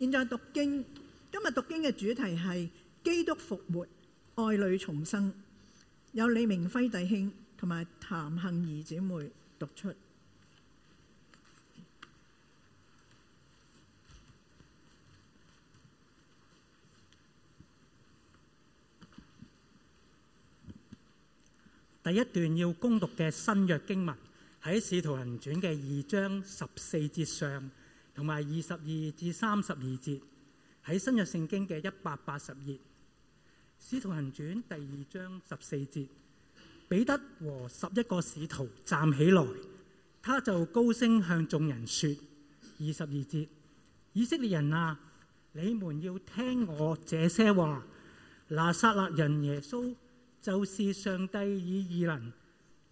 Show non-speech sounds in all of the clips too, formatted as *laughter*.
現在讀經，今日讀經嘅主題係基督復活、愛女重生。有李明輝弟兄同埋譚杏怡姊妹讀出第一段要攻讀嘅新約經文，喺《使徒行傳》嘅二章十四節上，同埋二十二至三十二節喺新約聖經嘅一百八十頁，《使徒行傳》第二章十四節。彼得和十一個使徒站起來，他就高聲向眾人說：二十二節，以色列人啊，你們要聽我這些話。拿撒勒人耶穌就是上帝以異能、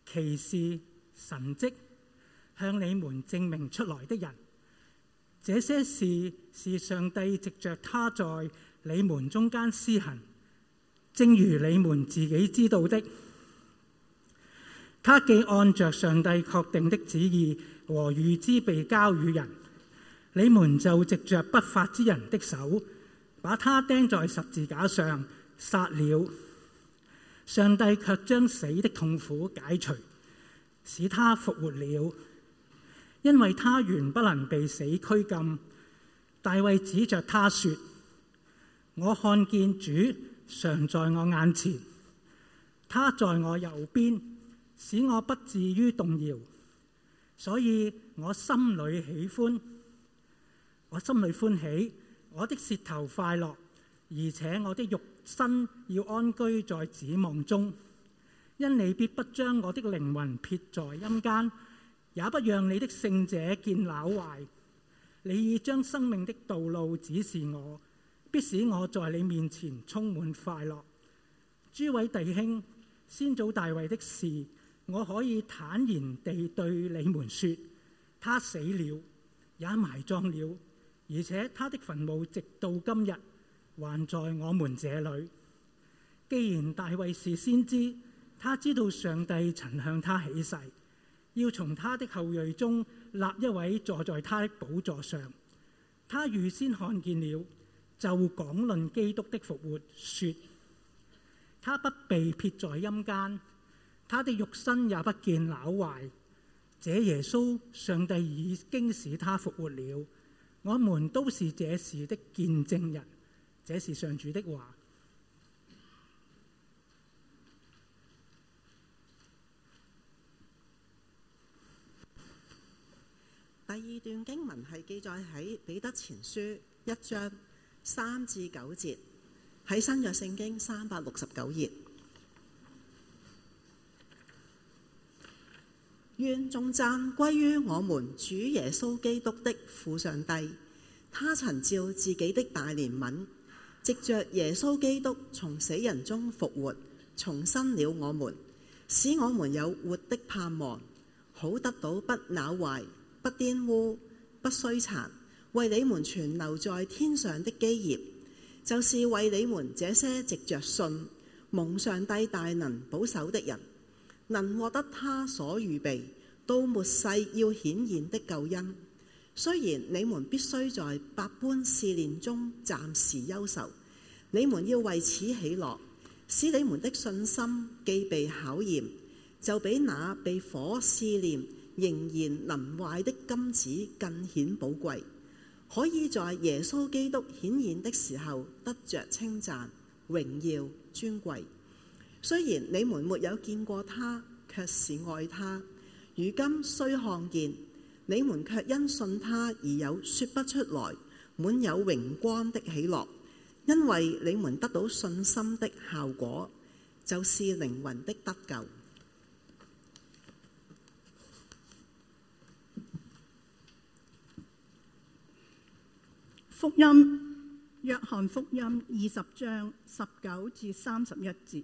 奇事、神迹向你們證明出來的人。這些事是上帝藉着他在你們中間施行，正如你們自己知道的。他既按着上帝確定的旨意和預知被交與人，你們就藉着不法之人的手把他釘在十字架上殺了。上帝卻將死的痛苦解除，使他復活了。因為他原不能被死拘禁，大衛指着他說：我看見主常在我眼前，他在我右邊，使我不至於動搖。所以我心裏喜歡，我心裏歡喜，我的舌頭快樂，而且我的肉身要安居在指望中，因你必不將我的靈魂撇在陰間。也不讓你的聖者見朽壞。你已將生命的道路指示我，必使我在你面前充滿快樂。諸位弟兄，先祖大衛的事，我可以坦然地對你們說：他死了，也埋葬了，而且他的墳墓直到今日還在我們這裏。既然大衛是先知，他知道上帝曾向他起誓。要從他的後裔中立一位坐在他的寶座上。他預先看見了，就講論基督的復活，說：他不被撇在陰間，他的肉身也不見朽壞。這耶穌，上帝已經使他復活了。我們都是這時的見證人。這是上主的話。第二段經文係記載喺《彼得前書》一章三至九節，喺新約聖經三百六十九頁。願眾讚歸於我們主耶穌基督的父上帝。他曾照自己的大憐憫，藉着耶穌基督從死人中復活，重生了我們，使我們有活的盼望，好得到不朽壞。不玷污，不衰殘，為你們存留在天上的基業，就是為你們這些藉着信蒙上帝大能保守的人，能獲得他所預備到末世要顯現的救恩。雖然你們必須在百般試煉中暫時憂愁，你們要為此喜樂，使你們的信心既被考驗，就比那被火試煉。仍然能壞的金子更顯寶貴，可以在耶穌基督顯現的時候得着稱讚、榮耀、尊貴。雖然你們沒有見過他，卻是愛他。如今雖看見，你們卻因信他而有說不出來、滿有榮光的喜樂。因為你們得到信心的效果，就是靈魂的得救。福音約翰福音二十章十九至三十一節，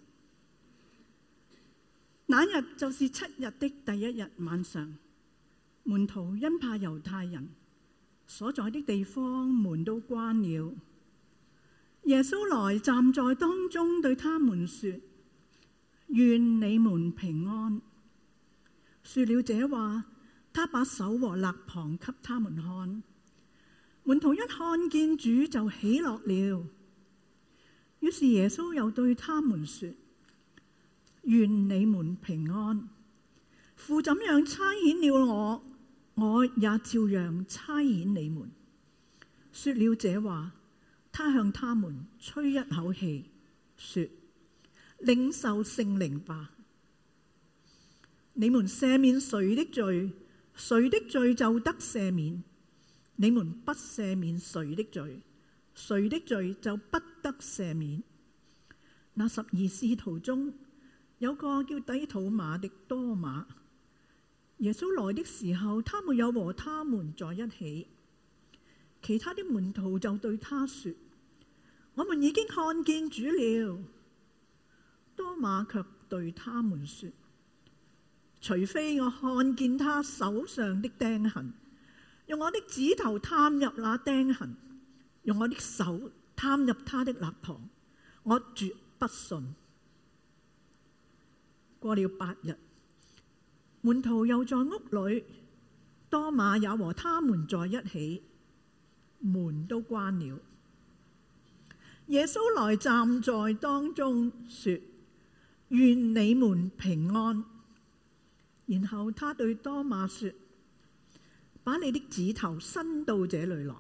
那日就是七日的第一日晚上，門徒因怕猶太人，所在的地方門都關了。耶穌來站在當中，對他們說：願你們平安。說了這話，他把手和肋旁給他們看。門徒一看見主就喜樂了，於是耶穌又對他們說：願你們平安。父怎樣差遣了我，我也照樣差遣你們。說了這話，他向他們吹一口氣，說：領受聖靈吧。你們赦免誰的罪，誰的罪就得赦免。你們不赦免誰的罪，誰的罪就不得赦免。那十二使徒中有個叫低土馬的多馬，耶穌來的時候，他沒有和他們在一起。其他的門徒就對他說：我們已經看見主了。多馬卻對他們說：除非我看見他手上的釘痕。用我的指頭探入那釘痕，用我的手探入他的肋旁，我絕不信。過了八日，門徒又在屋裏，多馬也和他們在一起，門都關了。耶穌來站在當中說：願你們平安。然後他對多馬說。把你的指頭伸到這裏來，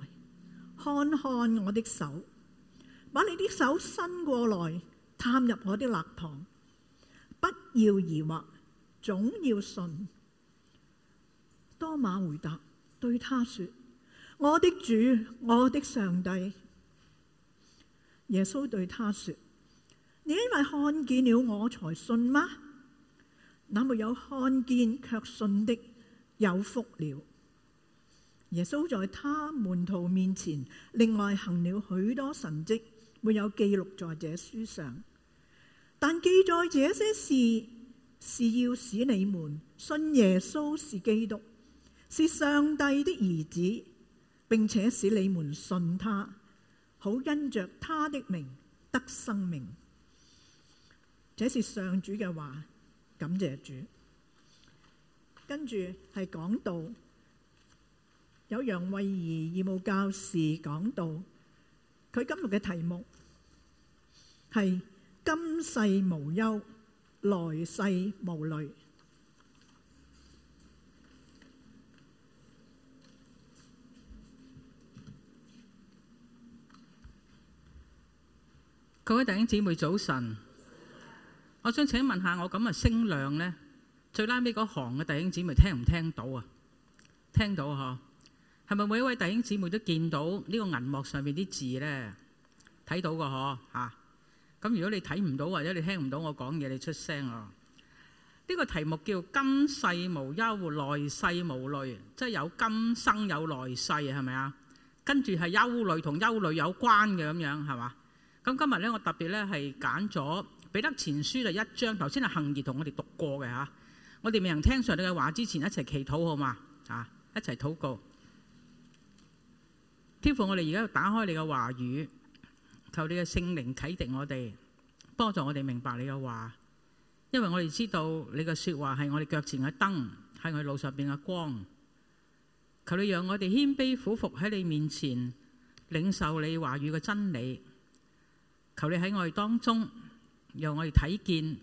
看看我的手。把你的手伸過來，探入我的肋堂。不要疑惑，總要信。多馬回答，對他說：我的主，我的上帝。耶穌對他說：你因為看見了我才信嗎？那沒有看見卻信的，有福了。耶穌在他門徒面前，另外行了許多神蹟，沒有記錄在這書上。但記載這些事，是要使你們信耶穌是基督，是上帝的兒子，並且使你們信他，好因着他的名得生命。這是上主嘅話，感謝主。跟住係講到。有楊慧兒義務教士講道，佢今日嘅題目係今世無憂，來世無慮。各位弟兄姊妹早晨，我想請問下，我咁嘅聲量呢，最拉尾嗰行嘅弟兄姊妹聽唔聽到啊？聽到嗬。係咪每一位弟兄姊妹都見到呢個銀幕上面啲字咧？睇到個嗬嚇咁。如果你睇唔到或者你聽唔到我講嘢，你出聲啊！呢個題目叫今世無憂，來世無慮，即係有今生有來世，係咪啊？跟住係憂慮同憂慮有關嘅咁樣係嘛？咁今日咧，我特別咧係揀咗彼得前書就一章頭先係慧兒同我哋讀過嘅嚇。我哋未能聽上你嘅話之前，一齊祈禱好嘛？啊，一齊禱告。天父，我哋而家要打開你嘅話語，求你嘅聖靈啟迪我哋，幫助我哋明白你嘅話。因為我哋知道你嘅說話係我哋腳前嘅燈，係我哋路上邊嘅光。求你讓我哋謙卑俯伏喺你面前，領受你話語嘅真理。求你喺我哋當中，讓我哋睇見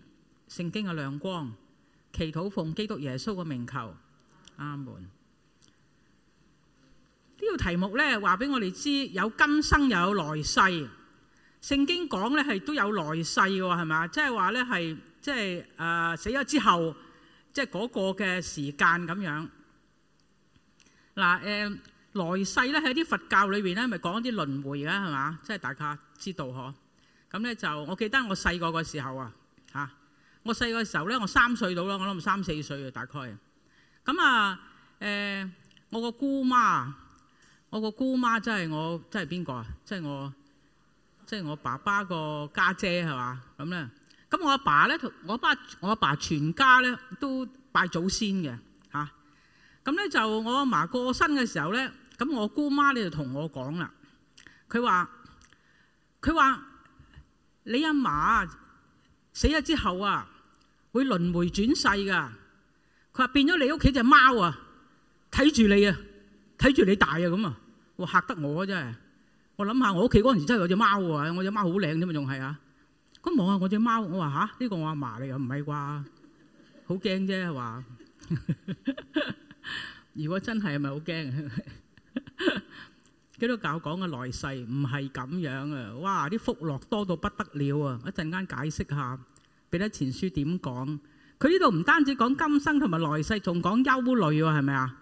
聖經嘅亮光。祈禱奉基督耶穌嘅名求，阿門。呢個題目呢，話畀我哋知，有今生又有來世。聖經講呢，係都有來世喎，係嘛？即係話呢，係即係，誒，死咗之後，即係嗰個嘅時間咁樣。嗱，誒，來世呢，喺啲佛教裏邊呢，咪講啲輪迴㗎，係嘛？即係大家知道嗬。咁呢，就我記得我細個嘅時候啊嚇，我細個嘅時候呢，我三歲到啦，我諗三四歲啊，大概咁啊，誒，我個姑媽。我個姑媽真係我，真係邊個啊？即係我，即係我爸爸個家姐係嘛？咁咧，咁我阿爸咧，同我阿我阿爸全家咧都拜祖先嘅，吓，咁咧就我阿嫲過身嘅時候咧，咁我姑媽咧就同我講啦，佢話佢話你阿嫲死咗之後啊，會輪迴轉世噶，佢話變咗你屋企隻貓啊，睇住你啊，睇住你大啊！咁啊，哇嚇得我真係。我諗下，我屋企嗰陣時真係有隻貓啊！我隻貓好靚啫嘛，仲係啊。咁望下我隻貓，我話吓，呢、啊、個我阿嫲嚟，又唔係啩？好驚啫，係話。啊、 *laughs* 如果真係係咪好驚？ *laughs* 基督教講嘅來世唔係咁樣啊！哇，啲福樂多到不得了啊！一陣間解釋下，彼得前書點講。佢呢度唔單止講今生同埋來世，仲講憂慮喎，係咪啊？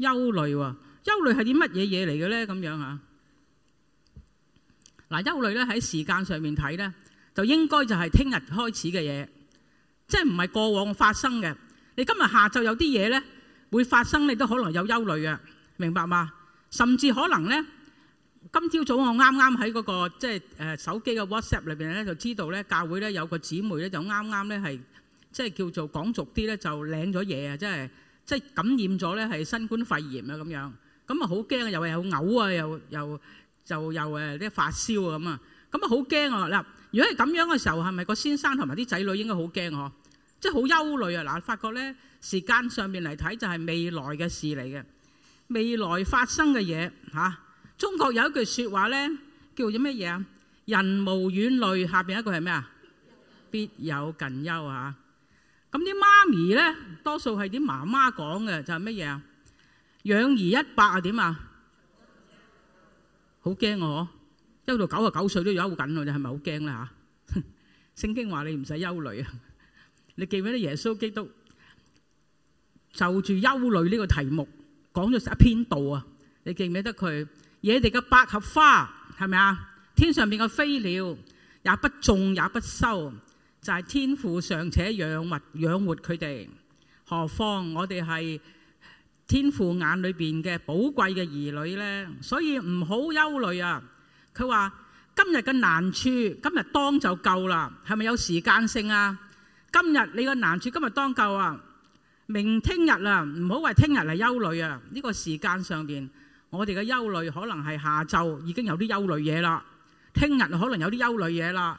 憂慮、啊憂慮係啲乜嘢嘢嚟嘅咧？咁樣嚇嗱，憂慮咧喺時間上面睇咧，就應該就係聽日開始嘅嘢，即係唔係過往發生嘅。你今日下晝有啲嘢咧會發生，你都可能有憂慮嘅，明白嗎？甚至可能咧，今朝早我啱啱喺嗰個即係誒手機嘅 WhatsApp 裏邊咧，就知道咧教會咧有個姊妹咧就啱啱咧係即係叫做講俗啲咧就領咗嘢啊！即係即係感染咗咧係新冠肺炎啊咁樣。咁啊，好驚啊！又係又嘔啊，又又就又誒啲發燒啊咁啊！咁啊，好驚啊！嗱，如果係咁樣嘅時候，係咪個先生同埋啲仔女應該好驚呵？即係好憂慮啊！嗱，發覺咧時間上面嚟睇就係未來嘅事嚟嘅，未來發生嘅嘢嚇。中國有一句説話咧，叫做乜嘢啊？人無遠慮，下邊一句係咩啊？必有近憂嚇。咁啲媽咪咧，多數係啲媽媽講嘅，就係乜嘢啊？養兒一百啊，點啊？好驚我嗬，憂到九十九歲都要憂緊我，你係咪好驚咧吓？聖 *laughs* 經話你唔使憂慮啊，你記唔記得耶穌基督就住憂慮呢個題目講咗成一篇道啊？你記唔記得佢野地嘅百合花係咪啊？天上邊嘅飛鳥也不種也不收，就係、是、天父尚且養物養活佢哋，何況我哋係？天父眼裏邊嘅寶貴嘅兒女咧，所以唔好憂慮啊！佢話今日嘅難處，今日當就夠啦。係咪有時間性啊？今日你個難處今日當夠啊！明天日啊，唔好為聽日嚟憂慮啊！呢個時間上邊，我哋嘅憂慮可能係下晝已經有啲憂慮嘢啦。聽日可能有啲憂慮嘢啦。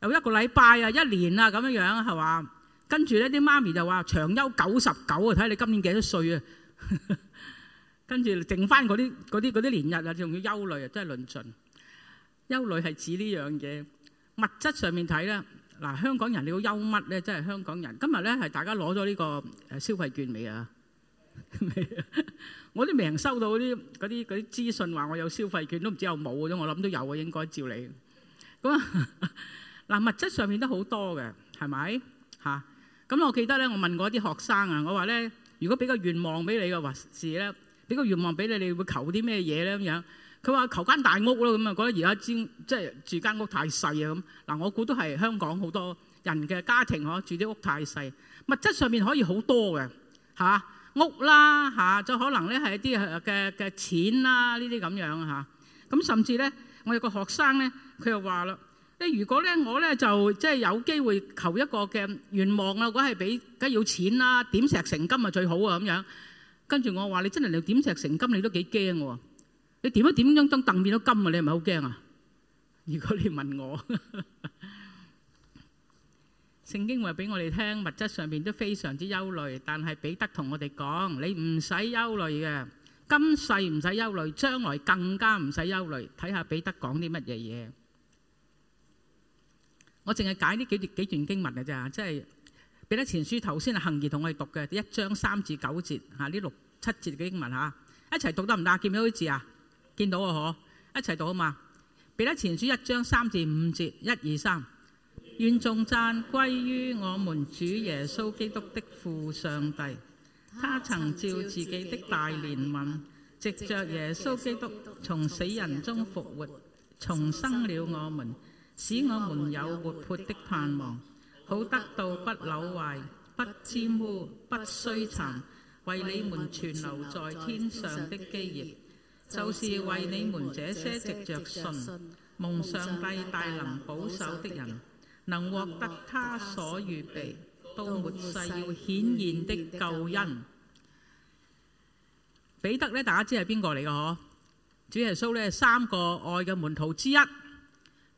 有一個禮拜啊，一年啊咁樣樣係嘛？跟住咧，啲媽咪就話長休九十九啊，睇下你今年幾多歲啊？跟住剩翻嗰啲嗰啲嗰啲年日啊，仲要憂慮啊，真係論盡。憂慮係指呢樣嘢物質上面睇咧，嗱，香港人你好憂乜咧？真係香港人今日咧係，大家攞咗呢個誒消費券未啊？未啊！我都未收到嗰啲嗰啲嗰啲資訊話我有消費券，都唔知有冇嘅啫。我諗都有啊，應該照嚟。咁啊嗱，物質上面都好多嘅，係咪吓？咁我記得咧，我問過一啲學生啊，我話咧。如果俾個願望俾你嘅話，是咧俾個願望俾你，你會求啲咩嘢咧？咁樣佢話求間大屋咯，咁啊覺得而家住即係住間屋太細啊咁嗱，我估都係香港好多人嘅家庭嗬，住啲屋太細，物質上面可以好多嘅嚇、啊、屋啦嚇、啊，就可能咧係一啲嘅嘅錢啦呢啲咁樣嚇咁、啊，甚至咧我有個學生咧，佢又話啦。如果咧我咧就即係有機會求一個嘅願望啦，如果係俾梗係要錢啦，點石成金啊最好啊咁樣。跟住我話你真係你點石成金，你都幾驚嘅喎？你點樣點樣當凳變到金啊？你係咪好驚啊？如果你問我，聖經話俾我哋聽，物質上面都非常之憂慮，但係彼得同我哋講，你唔使憂慮嘅，今世唔使憂慮，將來更加唔使憂慮。睇下彼得講啲乜嘢嘢。我淨係解呢幾段幾段經文嘅咋，即係彼得前書頭先係慧兒同我哋讀嘅一章三至九節，嚇呢六七節嘅經文嚇一齊讀得唔得？見唔到啲字啊？見到啊，嗬！一齊讀啊嘛！彼得前書一章三至五節，一二三，願眾讚歸於我們主耶穌基督的父上帝，他曾照自己的大憐憫，藉著耶穌基督從死人中復活，重生了我們。使我們有活潑的盼望，好得到不朽壞、不沾污、不衰殘，為你們存留在天上的基業，就是為你們這些藉着信蒙上帝大能保守的人，能獲得他所預備到末世要顯現的救恩。彼得呢，大家知係邊個嚟噶？嗬，主耶穌呢，三個愛嘅門徒之一。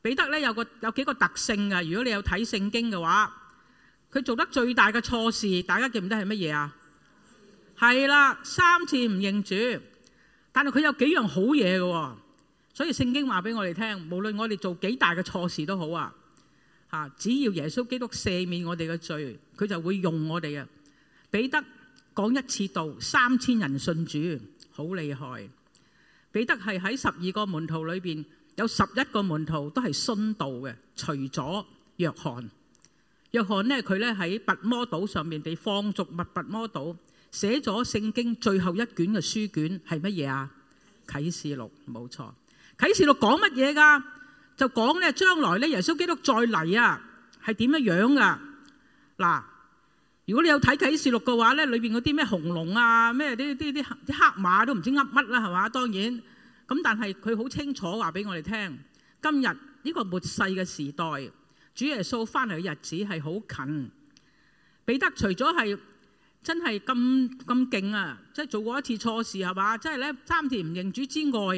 彼得呢有個有幾個特性㗎，如果你有睇聖經嘅話，有十一個門徒都係殉道嘅，除咗約翰。約翰咧，佢咧喺拔摩島上面被放逐，物拔摩島寫咗聖經最後一卷嘅書卷係乜嘢啊？啟示錄，冇錯。啟示錄講乜嘢噶？就講咧將來咧，耶穌基督再嚟啊，係點樣樣噶？嗱，如果你有睇啟示錄嘅話咧，裏邊嗰啲咩紅龍啊，咩啲啲啲黑馬都唔知噏乜啦，係嘛？當然。咁但係佢好清楚話俾我哋聽，今日呢個末世嘅時代，主耶穌翻嚟嘅日子係好近。彼得除咗係真係咁咁勁啊，即係做過一次錯事係嘛？即係咧三次唔認主之外，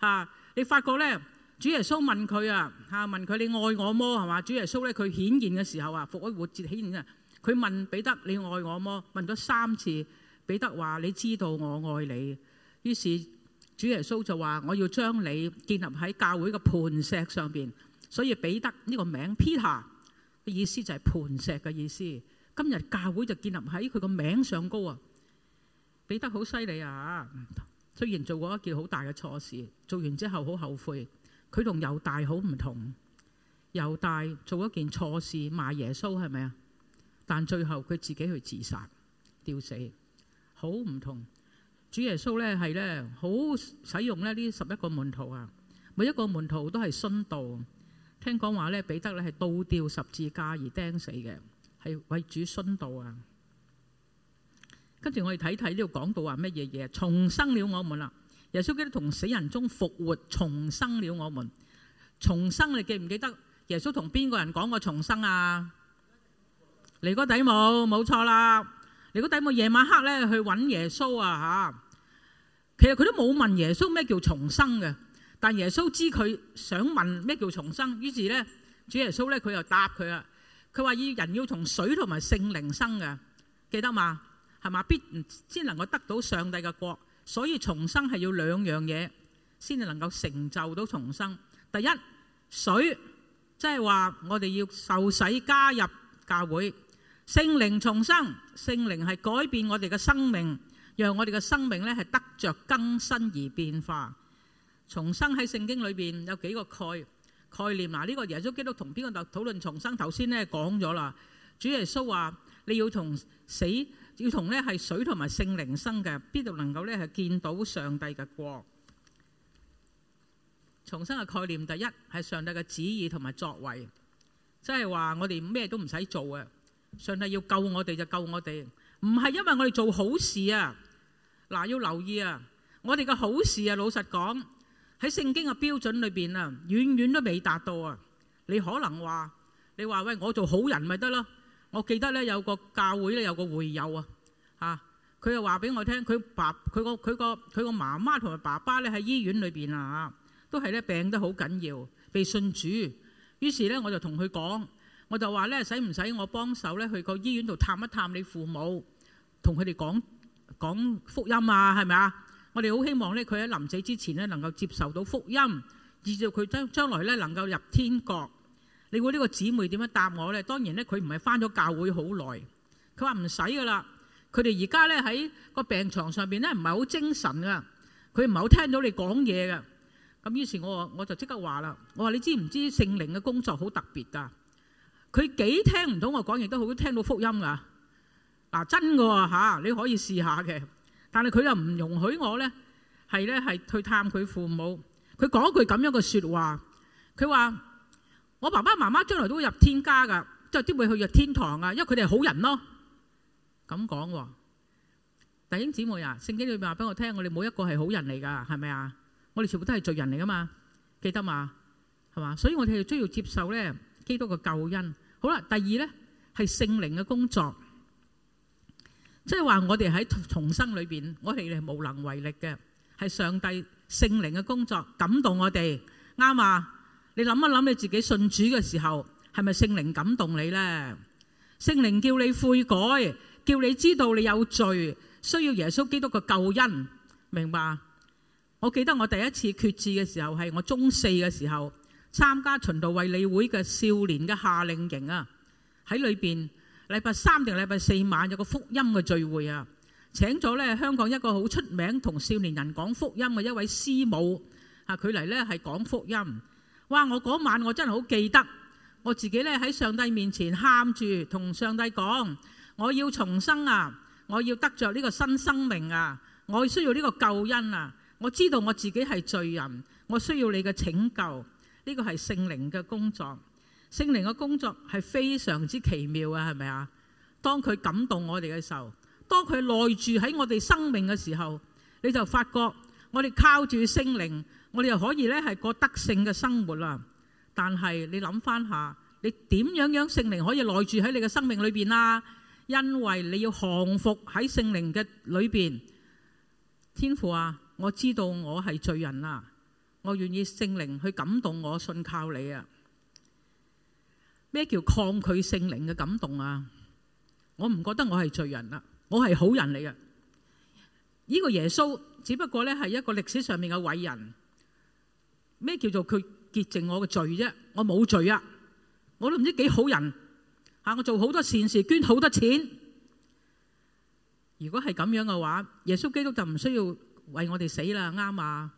嚇、啊、你發覺咧，主耶穌問佢啊嚇，問佢你愛我麼，係嘛？主耶穌咧佢顯現嘅時候啊，復活節顯現啊，佢問彼得你愛我麼？問咗三次，彼得話你知道我愛你，於是。主耶穌就話：我要將你建立喺教會嘅磐石上邊，所以彼得呢個名 Peter 嘅意思就係磐石嘅意思。今日教會就建立喺佢個名上高啊！彼得好犀利啊！雖然做過一件好大嘅錯事，做完之後好後悔。佢同猶大好唔同，猶大做一件錯事，賣耶穌係咪啊？但最後佢自己去自殺，吊死，好唔同。主耶穌咧係咧好使用咧呢十一個門徒啊，每一個門徒都係殉道。聽講話咧彼得咧係倒吊十字架而釘死嘅，係為主殉道啊。跟住我哋睇睇呢度講到話乜嘢嘢？重生了我們啦，耶穌基督同死人中復活，重生了我們。重生，你記唔記得耶穌同邊個人講過重生啊？尼哥底母，冇錯啦？如果第日夜晚黑咧去揾耶穌啊吓，其實佢都冇問耶穌咩叫重生嘅，但耶穌知佢想問咩叫重生，於是咧主耶穌咧佢又答佢啦。佢話要人要從水同埋聖靈生嘅，記得嘛係嘛？必先能夠得到上帝嘅國，所以重生係要兩樣嘢先至能夠成就到重生。第一水，即係話我哋要受洗加入教會。聖靈重生，聖靈係改變我哋嘅生命，讓我哋嘅生命呢得著更新而變化。重生喺聖經裡面有幾個概念，概念呢個耶穌基督同邊個討論重生，頭先講咗啦，主耶穌話，你要同死，要同水同埋聖靈生嘅，邊度能夠見到上帝嘅國？上係要救我哋就救我哋，唔係因為我哋做好事啊！嗱，要留意啊！我哋嘅好事啊，老實講喺聖經嘅標準裏邊啊，遠遠都未達到啊！你可能話你話喂，我做好人咪得咯？我記得咧有個教會咧有個會友啊，吓佢又話俾我聽，佢爸爸佢個佢個佢個媽媽同埋爸爸咧喺醫院裏邊啊，都係咧病得好緊要，被信主。於是咧我就同佢講。我就話咧，使唔使我幫手咧？去個醫院度探一探你父母，同佢哋講講福音啊？係咪啊？我哋好希望咧，佢喺臨死之前咧能夠接受到福音，以致佢將將來咧能夠入天國。你估呢個姊妹點樣答我咧？當然咧，佢唔係返咗教會好耐。佢話唔使噶啦，佢哋而家咧喺個病床上邊咧唔係好精神噶，佢唔係好聽到你講嘢噶。咁於是我，我我就即刻話啦：我話你知唔知聖靈嘅工作好特別噶？佢幾聽唔到我講嘢都好聽到福音噶，嗱、啊、真㗎嚇，你可以試下嘅。但係佢又唔容許我咧，係咧係去探佢父母。佢講一句咁樣嘅説話，佢話我爸爸媽媽將來都會入天家㗎，即係都會去入天堂啊，因為佢哋係好人咯。咁講喎，弟兄姊妹啊，聖經裡面話俾我聽，我哋冇一個係好人嚟㗎，係咪啊？我哋全部都係罪人嚟㗎嘛，記得嘛，係嘛？所以我哋要需要接受咧。基督嘅救恩，好啦。第二呢係聖靈嘅工作，即係話我哋喺重生裏邊，我哋係無能為力嘅，係上帝聖靈嘅工作感動我哋，啱啊！你諗一諗你自己信主嘅時候，係咪聖靈感動你呢？聖靈叫你悔改，叫你知道你有罪，需要耶穌基督嘅救恩，明白？我記得我第一次決志嘅時候係我中四嘅時候。參加巡道衛理會嘅少年嘅夏令營啊，喺裏邊禮拜三定禮拜四晚有個福音嘅聚會啊，請咗咧香港一個好出名同少年人講福音嘅一位師母啊，佢嚟咧係講福音。哇！我嗰晚我真係好記得，我自己咧喺上帝面前喊住，同上帝講：我要重生啊！我要得着呢個新生命啊！我需要呢個救恩啊！我知道我自己係罪人，我需要你嘅拯救。呢個係聖靈嘅工作，聖靈嘅工作係非常之奇妙啊，係咪啊？當佢感動我哋嘅時候，當佢內住喺我哋生命嘅時候，你就發覺我哋靠住聖靈，我哋又可以咧係過得勝嘅生活啦。但係你諗翻下，你點樣樣聖靈可以內住喺你嘅生命裏邊啊？因為你要降服喺聖靈嘅裏邊，天父啊，我知道我係罪人啦。我願意聖靈去感動我信靠你啊！咩叫抗拒聖靈嘅感動啊？我唔覺得我係罪人啊，我係好人嚟嘅。呢個耶穌只不過咧係一個歷史上面嘅偉人。咩叫做佢潔淨我嘅罪啫？我冇罪啊！我都唔知幾好人吓，我做好多善事，捐好多錢。如果係咁樣嘅話，耶穌基督就唔需要為我哋死啦，啱嘛？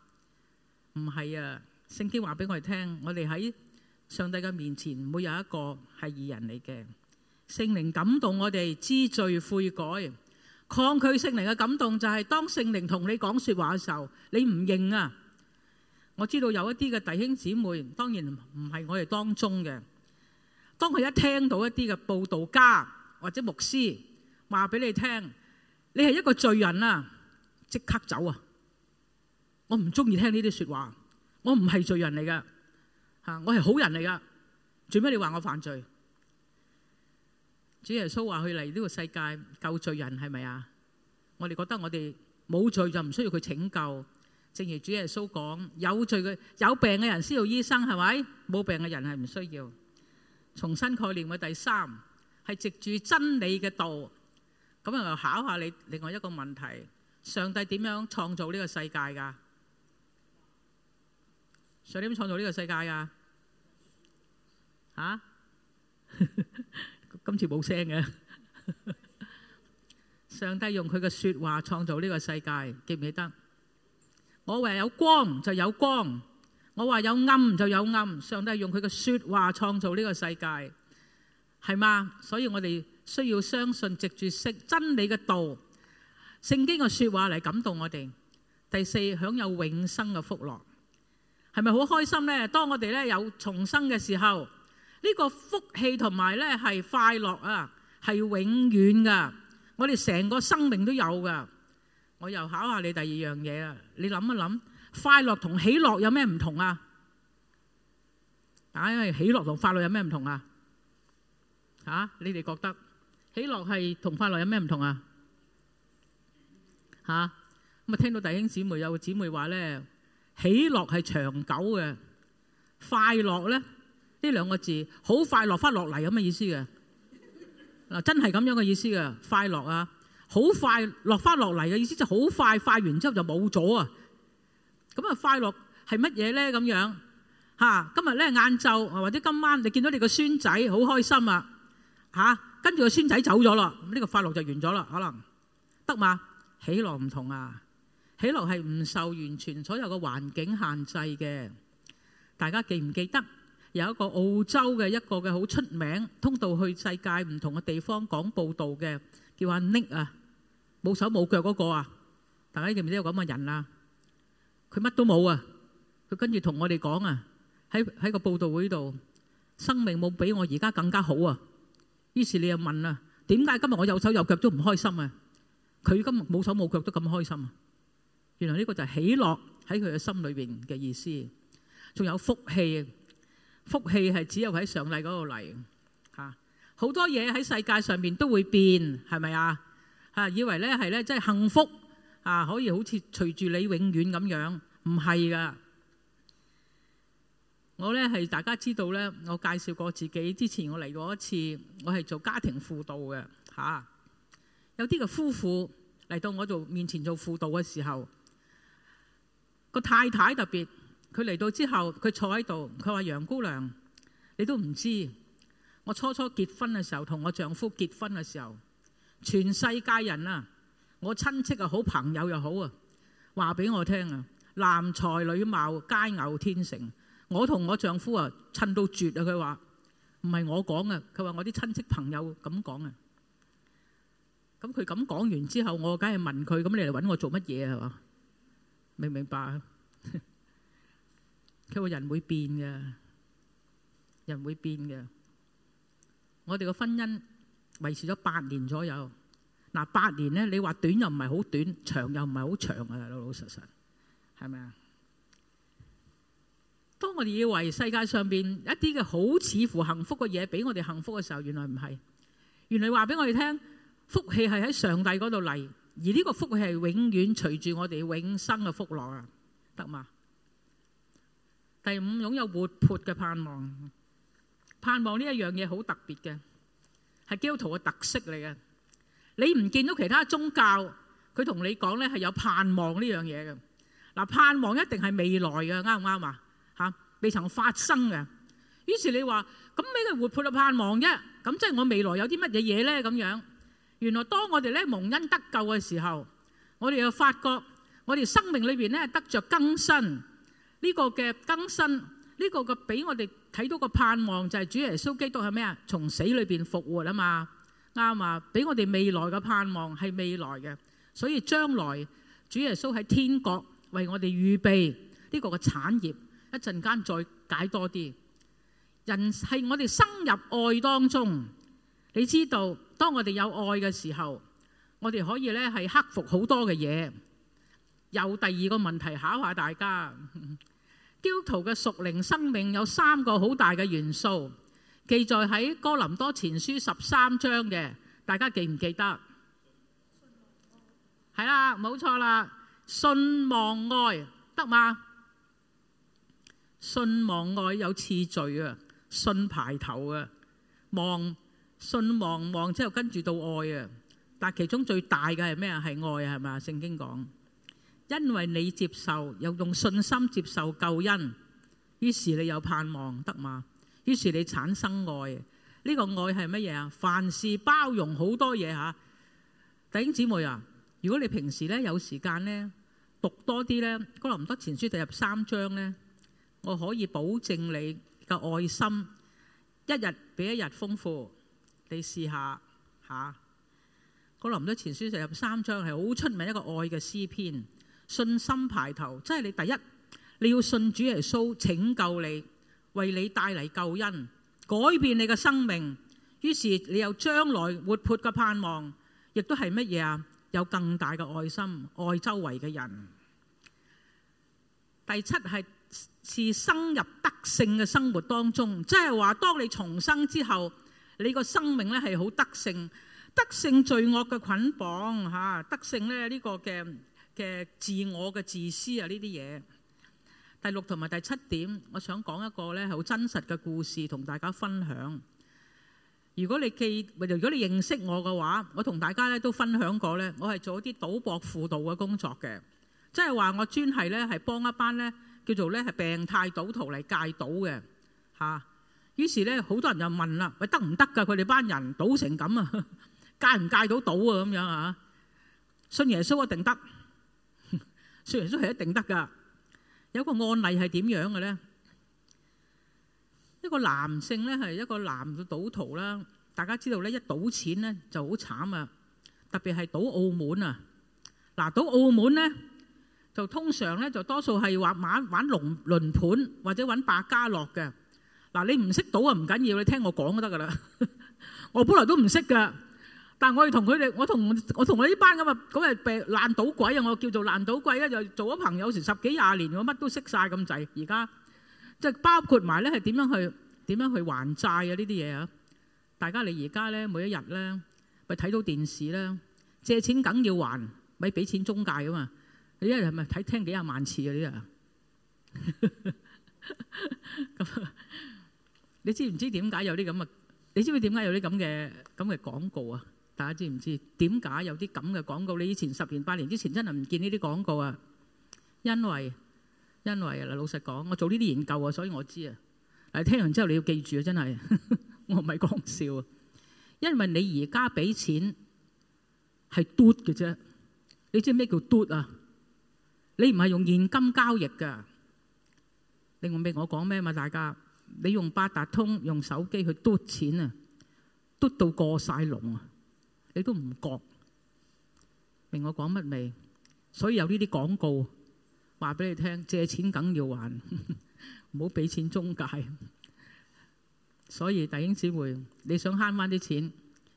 唔係啊！聖經話俾我哋聽，我哋喺上帝嘅面前，唔會有一個係義人嚟嘅。聖靈感動我哋知罪悔改，抗拒聖靈嘅感動就係當聖靈同你講說話嘅時候，你唔認啊！我知道有一啲嘅弟兄姊妹，當然唔係我哋當中嘅。當佢一聽到一啲嘅布道家或者牧師話俾你聽，你係一個罪人啊，即刻走啊！我唔中意聽呢啲說話，我唔係罪人嚟噶，吓，我係好人嚟噶。做咩你話我犯罪？主耶穌話去嚟呢個世界救罪人係咪啊？我哋覺得我哋冇罪就唔需要佢拯救，正如主耶穌講，有罪嘅、有病嘅人先要醫生係咪？冇病嘅人係唔需要。重新概念嘅第三係藉住真理嘅道，咁又考下你另外一個問題：上帝點樣創造呢個世界噶？上帝點創造呢個世界噶？吓，今次冇聲嘅。上帝用佢嘅說話創造呢個世界，記唔記得？我話有光就有光，我話有暗就有暗。上帝用佢嘅說話創造呢個世界，係嘛？所以我哋需要相信藉住識真理嘅道、聖經嘅說話嚟感動我哋。第四，享有永生嘅福樂。係咪好開心咧？當我哋咧有重生嘅時候，呢個福氣同埋咧係快樂啊，係永遠噶我哋成個生命都有噶我又考下你第二樣嘢啊！你諗一諗，快樂同喜樂有咩唔同啊？啊，因為喜樂同快樂有咩唔同啊？啊，你哋覺得喜樂係同快樂有咩唔同啊？吓咁啊！聽到弟兄姊妹有姊妹話咧。喜樂係長久嘅，快樂咧呢兩個字，好快落翻落嚟咁嘅意思嘅。嗱，真係咁樣嘅意思嘅快樂啊，好快落翻落嚟嘅意思就好快快完之後就冇咗啊，咁啊快樂係乜嘢咧咁樣嚇？今日咧晏晝或者今晚你見到你個孫仔好開心啊嚇，跟住個孫仔走咗啦，咁、這、呢個快樂就完咗啦，可能得嘛？喜樂唔同啊。起嚟係唔受完全所有嘅環境限制嘅。大家記唔記得有一個澳洲嘅一個嘅好出名通道去世界唔同嘅地方講報道嘅，叫阿 Nick 啊，冇手冇腳嗰個啊。大家記唔記得有咁嘅人啊？佢乜都冇啊。佢跟住同我哋講啊，喺喺個報道會度，生命冇比我而家更加好啊。於是你又問啦，點解今日我有手有腳都唔開心啊？佢今日冇手冇腳都咁開心啊。原來呢個就係喜樂喺佢嘅心裏面嘅意思，仲有福氣，福氣係只有喺上帝嗰度嚟。吓，好多嘢喺世界上面都會變，係咪啊？吓，以為咧，係咧，即係幸福啊，可以好似隨住你永遠咁樣，唔係噶。我咧係大家知道咧，我介紹過自己，之前我嚟過一次，我係做家庭輔導嘅。吓，有啲嘅夫婦嚟到我做面前做輔導嘅時候。個太太特別，佢嚟到之後，佢坐喺度，佢話：楊姑娘，你都唔知，我初初結婚嘅時候，同我丈夫結婚嘅時候，全世界人啊，我親戚又好，朋友又好啊，話俾我聽啊，男才女貌，佳偶天成。我同我丈夫啊，襯到絕啊。佢話唔係我講啊，佢話我啲親戚朋友咁講啊。咁佢咁講完之後，我梗係問佢：咁你嚟搵我做乜嘢啊，係嘛？明唔明白？佢話人會變嘅，人會變嘅。我哋個婚姻維持咗八年左右，嗱，八年咧，你話短又唔係好短，長又唔係好長啊！老老實實，係咪啊？當我哋以為世界上邊一啲嘅好似乎幸福嘅嘢俾我哋幸福嘅時候，原來唔係，原來話俾我哋聽，福氣係喺上帝嗰度嚟。而呢個福係永遠隨住我哋永生嘅福樂啊，得嘛？第五，擁有活潑嘅盼望。盼望呢一樣嘢好特別嘅，係基督徒嘅特色嚟嘅。你唔見到其他宗教佢同你講咧係有盼望呢樣嘢嘅。嗱，盼望一定係未來嘅，啱唔啱啊？嚇，未曾發生嘅。於是你話咁咩叫活潑嘅盼望啫？咁即係我未來有啲乜嘢嘢咧？咁樣。原來當我哋咧蒙恩得救嘅時候，我哋又發覺我哋生命裏邊咧得著更新呢個嘅更新呢個嘅俾我哋睇到個盼望就係主耶穌基督係咩啊？從死裏邊復活啊嘛，啱啊！俾我哋未來嘅盼望係未來嘅，所以將來主耶穌喺天國為我哋預備呢個嘅產業，一陣間再解多啲。人係我哋生入愛當中，你知道。當我哋有愛嘅時候，我哋可以咧係克服好多嘅嘢。有第二個問題考下大家，基督徒嘅屬靈生命有三個好大嘅元素，記載喺哥林多前書十三章嘅，大家記唔記得？係啦，冇錯啦，信望愛得嘛？信望愛有次序啊，信排頭啊，望，信望，望，之後跟住到愛，但其中最大嘅係咩？係愛，你試下吓，啊《哥林多前書》就有十三章，係好出名一個愛嘅詩篇，信心排頭，即係你第一，你要信主耶穌拯救你，為你帶嚟救恩，改變你嘅生命。於是你有將來活潑嘅盼望，亦都係乜嘢啊？有更大嘅愛心，愛周圍嘅人。第七係是,是生入德性嘅生活當中，即係話當你重生之後。你個生命咧係好德性，德性罪惡嘅捆綁嚇，德性咧呢個嘅嘅自我嘅自私啊呢啲嘢。第六同埋第七點，我想講一個咧好真實嘅故事同大家分享。如果你記，如果你認識我嘅話，我同大家咧都分享過咧，我係做一啲賭博輔導嘅工作嘅，即係話我專係咧係幫一班咧叫做咧係病態賭徒嚟戒賭嘅嚇。啊於是咧，好多人就問啦：喂，得唔得㗎？佢哋班人賭成咁啊，戒唔戒到賭啊？咁樣啊嚇，信耶穌一定得，信耶穌係一定得㗎。有個案例係點樣嘅咧？一個男性咧係一個男嘅賭徒啦。大家知道咧，一賭錢咧就好慘啊。特別係賭澳門啊。嗱，賭澳門咧就通常咧就多數係玩玩玩輪盤或者玩百家樂嘅。嗱，你唔識賭啊，唔緊要，你聽我講就得㗎啦。 *laughs* 我本來都唔識噶，但係我係同佢哋，我同我同我呢班咁啊嗰日病爛賭鬼啊，我叫做爛賭鬼咧，就做咗朋友，時十幾廿年，我乜都識晒咁滯。而家即係包括埋咧係點樣去點樣去還債啊？呢啲嘢啊，大家你而家咧每一日咧咪睇到電視咧借錢梗要還咪俾錢中介㗎嘛？你一日係咪睇聽幾十萬次啊？呢啊咁。你知唔知點解有啲咁嘅，你知唔知點解有啲咁嘅，你知唔知點解有啲咁嘅咁嘅廣告啊，大家知唔知點解有啲咁嘅廣告？你以前十年八年之前真係唔見呢啲廣告啊。因為因為啊嗱，老實講，我做呢啲研究啊，所以我知啊。嗱，聽完之後你要記住啊，真係 *laughs* 我唔係講笑啊。因為你而家俾錢係嘟嘅啫，你知咩叫嘟啊？你唔係用現金交易㗎，你唔明我講咩嘛，大家。你用八達通用手機去嘟錢啊，嘟到過晒龍啊，你都唔覺明我講乜未？所以有呢啲廣告話俾你聽，借錢梗要還，唔好俾錢中介。所以弟兄姊妹，你想慳翻啲錢，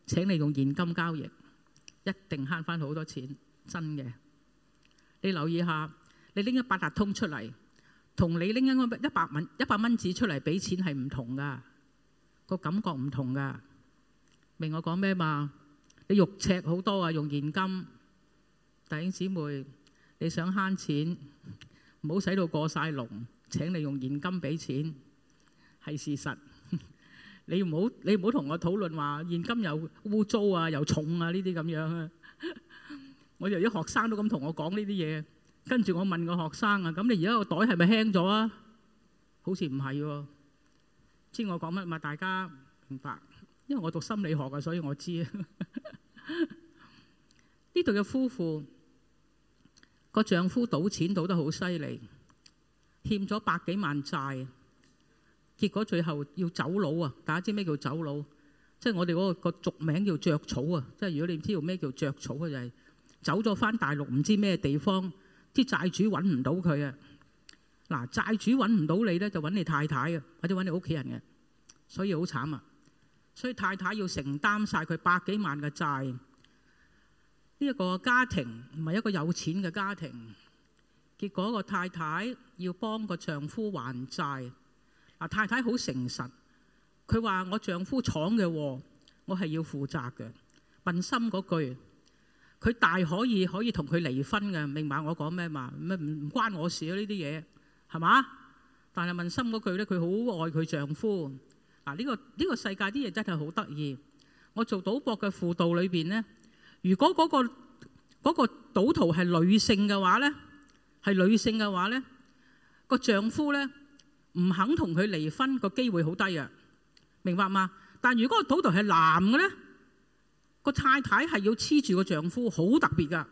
請你用現金交易，一定慳翻好多錢，真嘅。你留意下，你拎咗八達通出嚟。同你拎一個一百蚊一百蚊紙出嚟畀錢係唔同噶個感覺唔同噶，明我講咩嘛？你肉赤好多啊，用現金，弟兄姊妹，你想慳錢，唔好使到過晒龍，請你用現金畀錢，係事實。 *laughs* 你唔好你唔好同我討論話現金又污糟啊，又重啊呢啲咁樣啊。 *laughs* 我由啲學生都咁同我講呢啲嘢。跟住我問個學生啊，咁你而家個袋係咪輕咗啊？好似唔係喎，知我講乜嘛？大家明白，因為我讀心理學啊，所以我知呢度嘅夫婦個丈夫賭錢賭得好犀利，欠咗百幾萬債，結果最後要走佬啊！大家知咩叫走佬？即係我哋嗰個個俗名叫著草啊！即係如果你唔知道咩叫著草啊，就係走咗翻大陸，唔知咩地方。啲債主揾唔到佢啊！嗱，債主揾唔到你咧，就揾你太太啊，或者揾你屋企人嘅，所以好慘啊！所以太太要承擔晒佢百幾萬嘅債。呢一個家庭唔係一個有錢嘅家庭，結果個太太要幫個丈夫還債。嗱，太太好誠實，佢話我丈夫闖嘅，我係要負責嘅。問心嗰句。佢大可以可以同佢離婚嘅，明白我講咩嘛？咩唔唔關我事啊？呢啲嘢係嘛？但係問心嗰句咧，佢好愛佢丈夫。嗱，呢個呢個世界啲嘢真係好得意。我做賭博嘅輔導裏邊咧，如果嗰個嗰個賭徒係女性嘅話咧，係女性嘅話咧，個丈夫咧，唔肯同佢離婚個機會好低嘅，明白嗎？但如果個賭徒係男嘅咧？太太這個太太係要黐住個丈夫，好特別噶，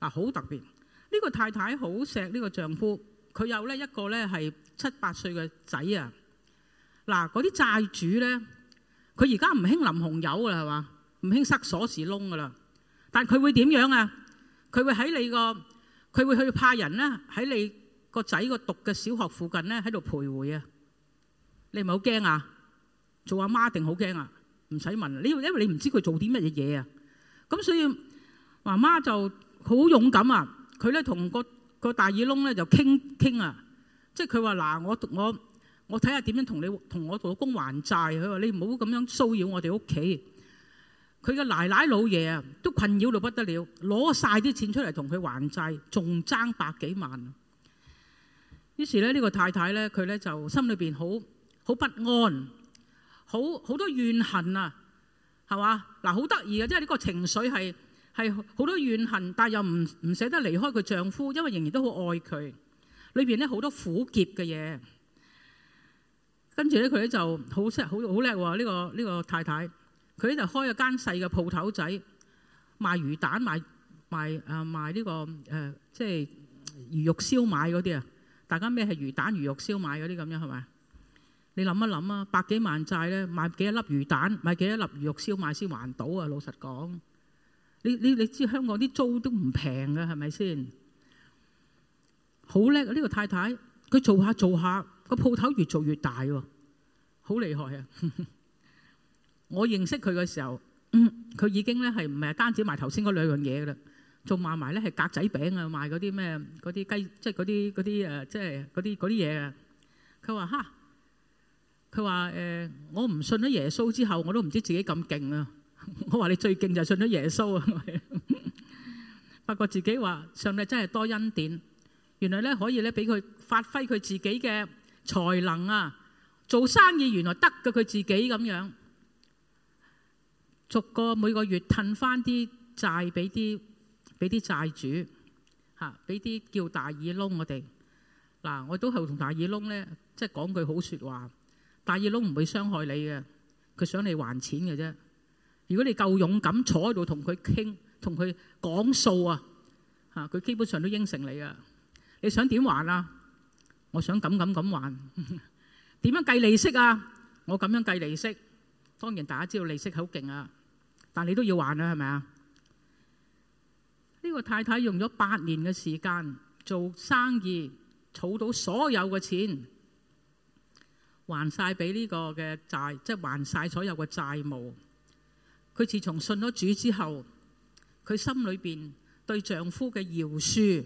嗱好特別。呢個太太好錫呢個丈夫，佢有咧一個咧係七八歲嘅仔啊。嗱，嗰啲債主咧，佢而家唔興淋紅油噶啦，係嘛？唔興塞鎖匙窿噶啦。但佢會點樣啊？佢會喺你個，佢會去派人啦，喺你個仔個讀嘅小學附近咧，喺度徘徊啊。你唔係好驚啊？做阿媽定好驚啊？唔使問，你因為你唔知佢做啲乜嘢嘢啊，咁所以媽媽就好勇敢啊！佢咧同個個大耳窿咧就傾傾啊，即係佢話嗱，我我我睇下點樣同你同我老公還債。佢話你唔好咁樣騷擾我哋屋企。佢嘅奶奶老爺啊，都困擾到不得了，攞晒啲錢出嚟同佢還債，仲爭百幾萬。於是咧，呢個太太咧，佢咧就心裏邊好好不安。好好多怨恨啊，係嘛？嗱，好得意啊！即係呢個情緒係係好多怨恨，但係又唔唔捨得離開佢丈夫，因為仍然都好愛佢。裏邊咧好多苦澀嘅嘢，跟住咧佢咧就好識好好叻喎。呢、啊呢個呢、呢個呢個太太，佢咧就開咗間細嘅鋪頭仔，賣魚蛋、賣賣啊、呃、賣呢、呢個誒、呃，即係魚肉燒賣嗰啲啊。大家咩係魚蛋、魚肉燒賣嗰啲咁樣係咪？你諗一諗啊，百幾萬債咧，賣幾多粒魚蛋，賣幾多粒魚肉燒賣先還到啊！老實講，你你你知香港啲租都唔平㗎，係咪先？好叻啊！呢個太太佢，做下做下，個鋪頭越做越大喎，好厲害啊！我認識佢嘅時候，佢已經咧係唔係單止賣頭先嗰兩樣嘢噶啦，仲賣埋咧係格仔餅啊，賣嗰啲咩嗰啲雞，即係嗰啲嗰啲誒，即係嗰啲嗰啲嘢啊。佢話吓。佢話：誒、呃，我唔信咗耶穌之後，我都唔知自己咁勁啊！ *laughs* 我話你最勁就信咗耶穌啊！ *laughs* 發覺自己話上帝真係多恩典，原來咧可以咧俾佢發揮佢自己嘅才能啊！做生意原來得嘅，佢自己咁樣，逐個每個月褪翻啲債俾啲俾啲債主嚇，俾、啊、啲叫大耳窿我哋嗱、啊，我都係同大耳窿咧，即係講句好説話。大耳窿唔會傷害你嘅，佢想你還錢嘅啫。如果你夠勇敢坐喺度同佢傾，同佢講數啊，吓佢基本上都應承你啊。你想點還啊？我想咁咁咁還，點 *laughs* 樣計利息啊？我咁樣計利息，當然大家知道利息好勁啊。但你都要還啊，係咪啊？呢、這個太太用咗八年嘅時間做生意，儲到所有嘅錢。還晒俾呢個嘅債，即係還晒所有嘅債務。佢自從信咗主之後，佢心裏邊對丈夫嘅饒恕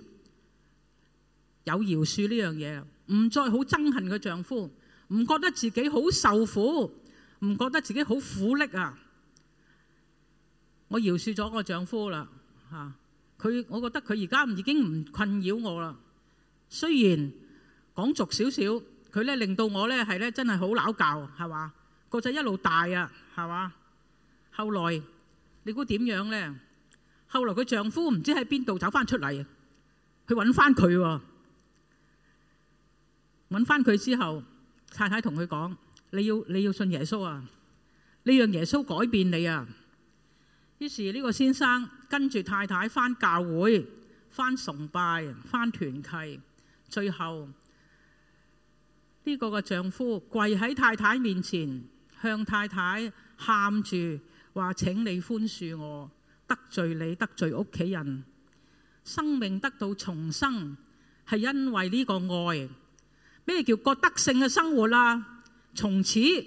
有饒恕呢樣嘢，唔再好憎恨個丈夫，唔覺得自己好受苦，唔覺得自己好苦力啊。我饒恕咗個丈夫啦，吓佢，我覺得佢而家已經唔困擾我啦。雖然講俗少少。佢咧令到我咧係咧真係好拗撬，係嘛？個仔一路大啊，係嘛？後來你估點樣咧？後來佢丈夫唔知喺邊度走翻出嚟，去揾翻佢，揾翻佢之後，太太同佢講：你要你要信耶穌啊！你讓耶穌改變你啊！於是呢個先生跟住太太翻教會，翻崇拜，翻團契，最後。呢個嘅丈夫跪喺太太面前，向太太喊住：話請你寬恕我得罪你，得罪屋企人。生命得到重生，係因為呢個愛。咩叫過德性嘅生活啦、啊？從此呢、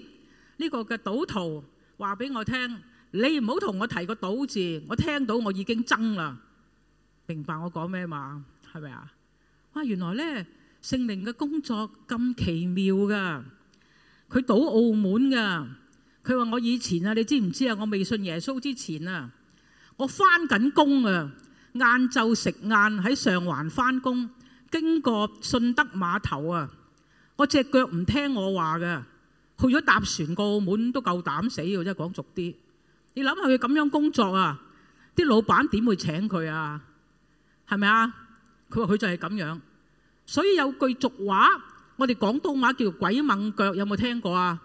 這個嘅賭徒話俾我聽：你唔好同我提個賭字，我聽到我已經憎啦。明白我講咩嘛？係咪啊？哇！原來呢。聖靈嘅工作咁奇妙㗎，佢賭澳門㗎。佢話：我以前啊，你知唔知啊？我未信耶穌之前啊，我翻緊工啊，晏晝食晏喺上環翻工，經過信德碼頭啊，我隻腳唔聽我話㗎，去咗搭船過澳門都夠膽死喎！真係講俗啲，你諗下佢咁樣工作啊，啲老闆點會請佢啊？係咪啊？佢話佢就係咁樣。所以有句俗話，我哋廣東話叫鬼掹腳，有冇聽過啊？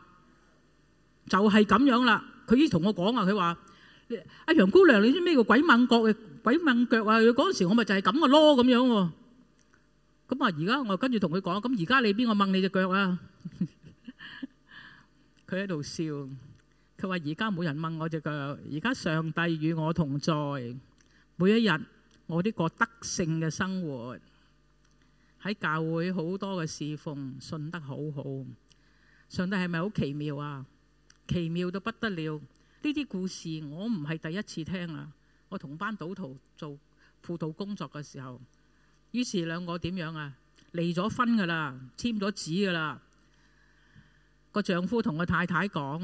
就係咁樣啦。佢已經同我講啊，佢話：阿楊姑娘，你知咩叫鬼掹腳嘅？鬼掹腳啊！嗰陣時我咪就係咁嘅咯，咁樣喎。咁啊，而家我跟住同佢講，咁而家你邊個掹你隻腳啊？佢喺度笑，佢話：而家冇人掹我隻腳，而家上帝與我同在，每一日我呢個得勝嘅生活。喺教會好多嘅侍奉，信得好好。上帝係咪好奇妙啊？奇妙到不得了！呢啲故事我唔係第一次聽啊。我同班賭徒做輔導工作嘅時候，於是兩個點樣啊？離咗婚噶啦，簽咗紙噶啦。個丈夫同個太太講：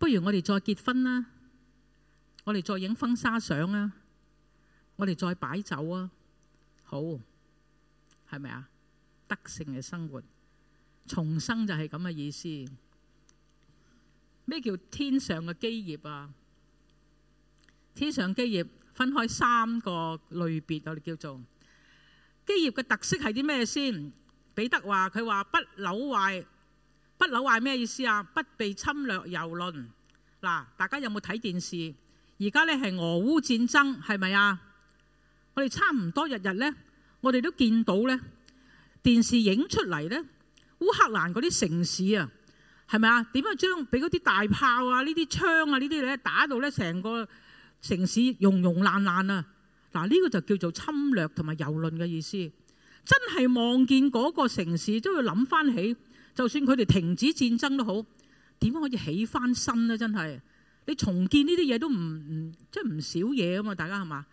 不如我哋再結婚啦，我哋再影婚紗相啊，我哋再擺酒啊，好。係咪啊？德性嘅生活，重生就係咁嘅意思。咩叫天上嘅基業啊？天上基業分開三個類別，我哋叫做基業嘅特色係啲咩先？彼得話佢話不朽壞，不朽壞咩意思啊？不被侵略蹂躪。嗱，大家有冇睇電視？而家呢係俄烏戰爭，係咪啊？我哋差唔多日日呢。我哋都見到咧，電視影出嚟咧，烏克蘭嗰啲城市啊，係咪啊？點樣將俾嗰啲大炮啊、呢啲槍啊、呢啲咧打到咧成個城市融融爛爛啊！嗱、啊，呢個就叫做侵略同埋蹂躪嘅意思。真係望見嗰個城市，都要諗翻起，就算佢哋停止戰爭都好，點樣可以起翻身咧、啊？真係，你重建呢啲嘢都唔唔即係唔少嘢啊嘛！大家係嘛？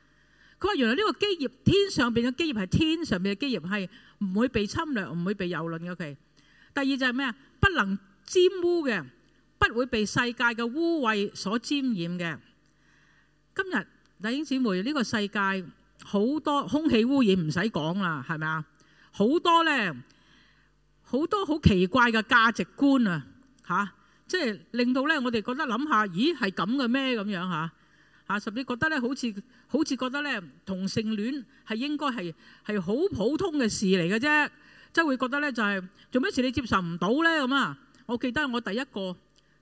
佢話：原來呢個基業，天上邊嘅基業係天上邊嘅基業，係唔會被侵略，唔會被蹂躪嘅佢。第二就係咩啊？不能沾污嘅，不會被世界嘅污穢所沾染嘅。今日弟兄姊妹，呢、這個世界好多空氣污染唔使講啦，係咪啊？好多咧，好多好奇怪嘅價值觀啊！吓、啊？即係令到咧，我哋覺得諗下，咦係咁嘅咩咁樣吓？啊，甚至覺得咧，好似好似覺得咧，同性戀係應該係係好普通嘅事嚟嘅啫，即係會覺得咧，就係做咩事你接受唔到咧咁啊？我記得我第一個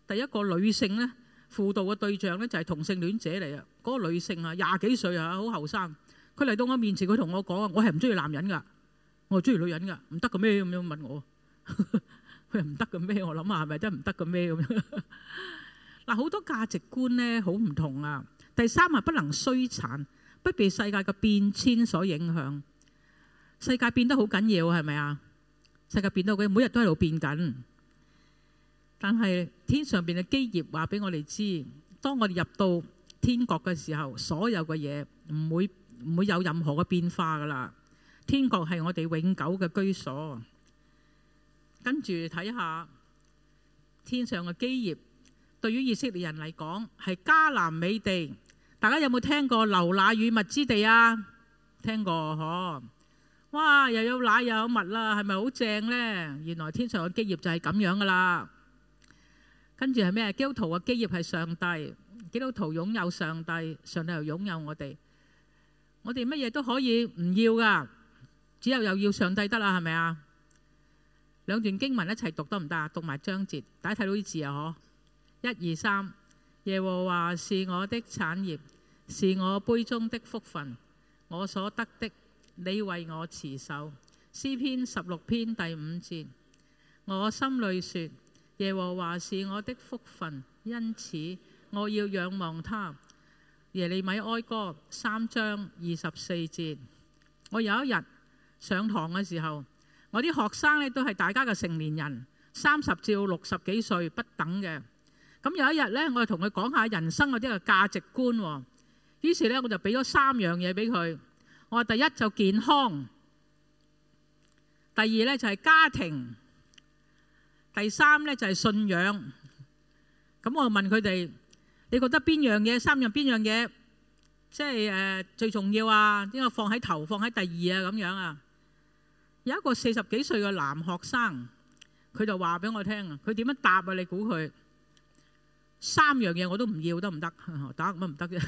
第一個女性咧輔導嘅對象咧就係同性戀者嚟啊！嗰個女性啊，廿幾歲啊，好後生。佢嚟到我面前，佢同我講啊，我係唔中意男人㗎，我中意女人㗎，唔得個咩咁樣問我？佢唔得個咩？我諗下係咪真係唔得個咩咁樣？嗱、 *laughs* 啊，好多價值觀咧，好唔同啊！第三係不能衰殘，不被世界嘅變遷所影響。世界變得好緊要，係咪啊？世界變到佢每日都喺度變緊。但係天上邊嘅基業話俾我哋知，當我哋入到天國嘅時候，所有嘅嘢唔會唔會有任何嘅變化噶啦。天國係我哋永久嘅居所。跟住睇下天上嘅基業，對於以色列人嚟講係迦南美地。大家有冇聽過流奶與蜜之地啊？聽過嗬？哇，又有奶又有蜜啦，係咪好正咧？原來天上嘅基業就係咁樣噶啦。跟住係咩？基督徒嘅基業係上帝，基督徒擁有上帝，上帝又擁有我哋，我哋乜嘢都可以唔要噶，只有又要上帝得啦，係咪啊？兩段經文一齊讀得唔得？讀埋章節，大家睇到啲字啊嗬？一二三，耶和華是我的產業。是我杯中的福分，我所得的，你為我持守。詩篇十六篇第五節。我心裏說：耶和華是我的福分，因此我要仰望他。耶利米哀歌三章二十四節。我有一日上堂嘅時候，我啲學生咧都係大家嘅成年人，三十至六十幾歲不等嘅。咁有一日咧，我同佢講下人生嗰啲價值觀，哦。於是咧，我就俾咗三樣嘢俾佢。我話第一就健康，第二咧就係家庭，第三咧就係信仰。咁我問佢哋：你覺得邊樣嘢？三樣邊樣嘢？即係誒、呃、最重要啊？應該放喺頭，放喺第二啊？咁樣啊？有一個四十幾歲嘅男學生，佢就話俾我聽佢點樣答啊？你估佢三樣嘢我都唔要得唔得？打乜唔得啫？ *laughs*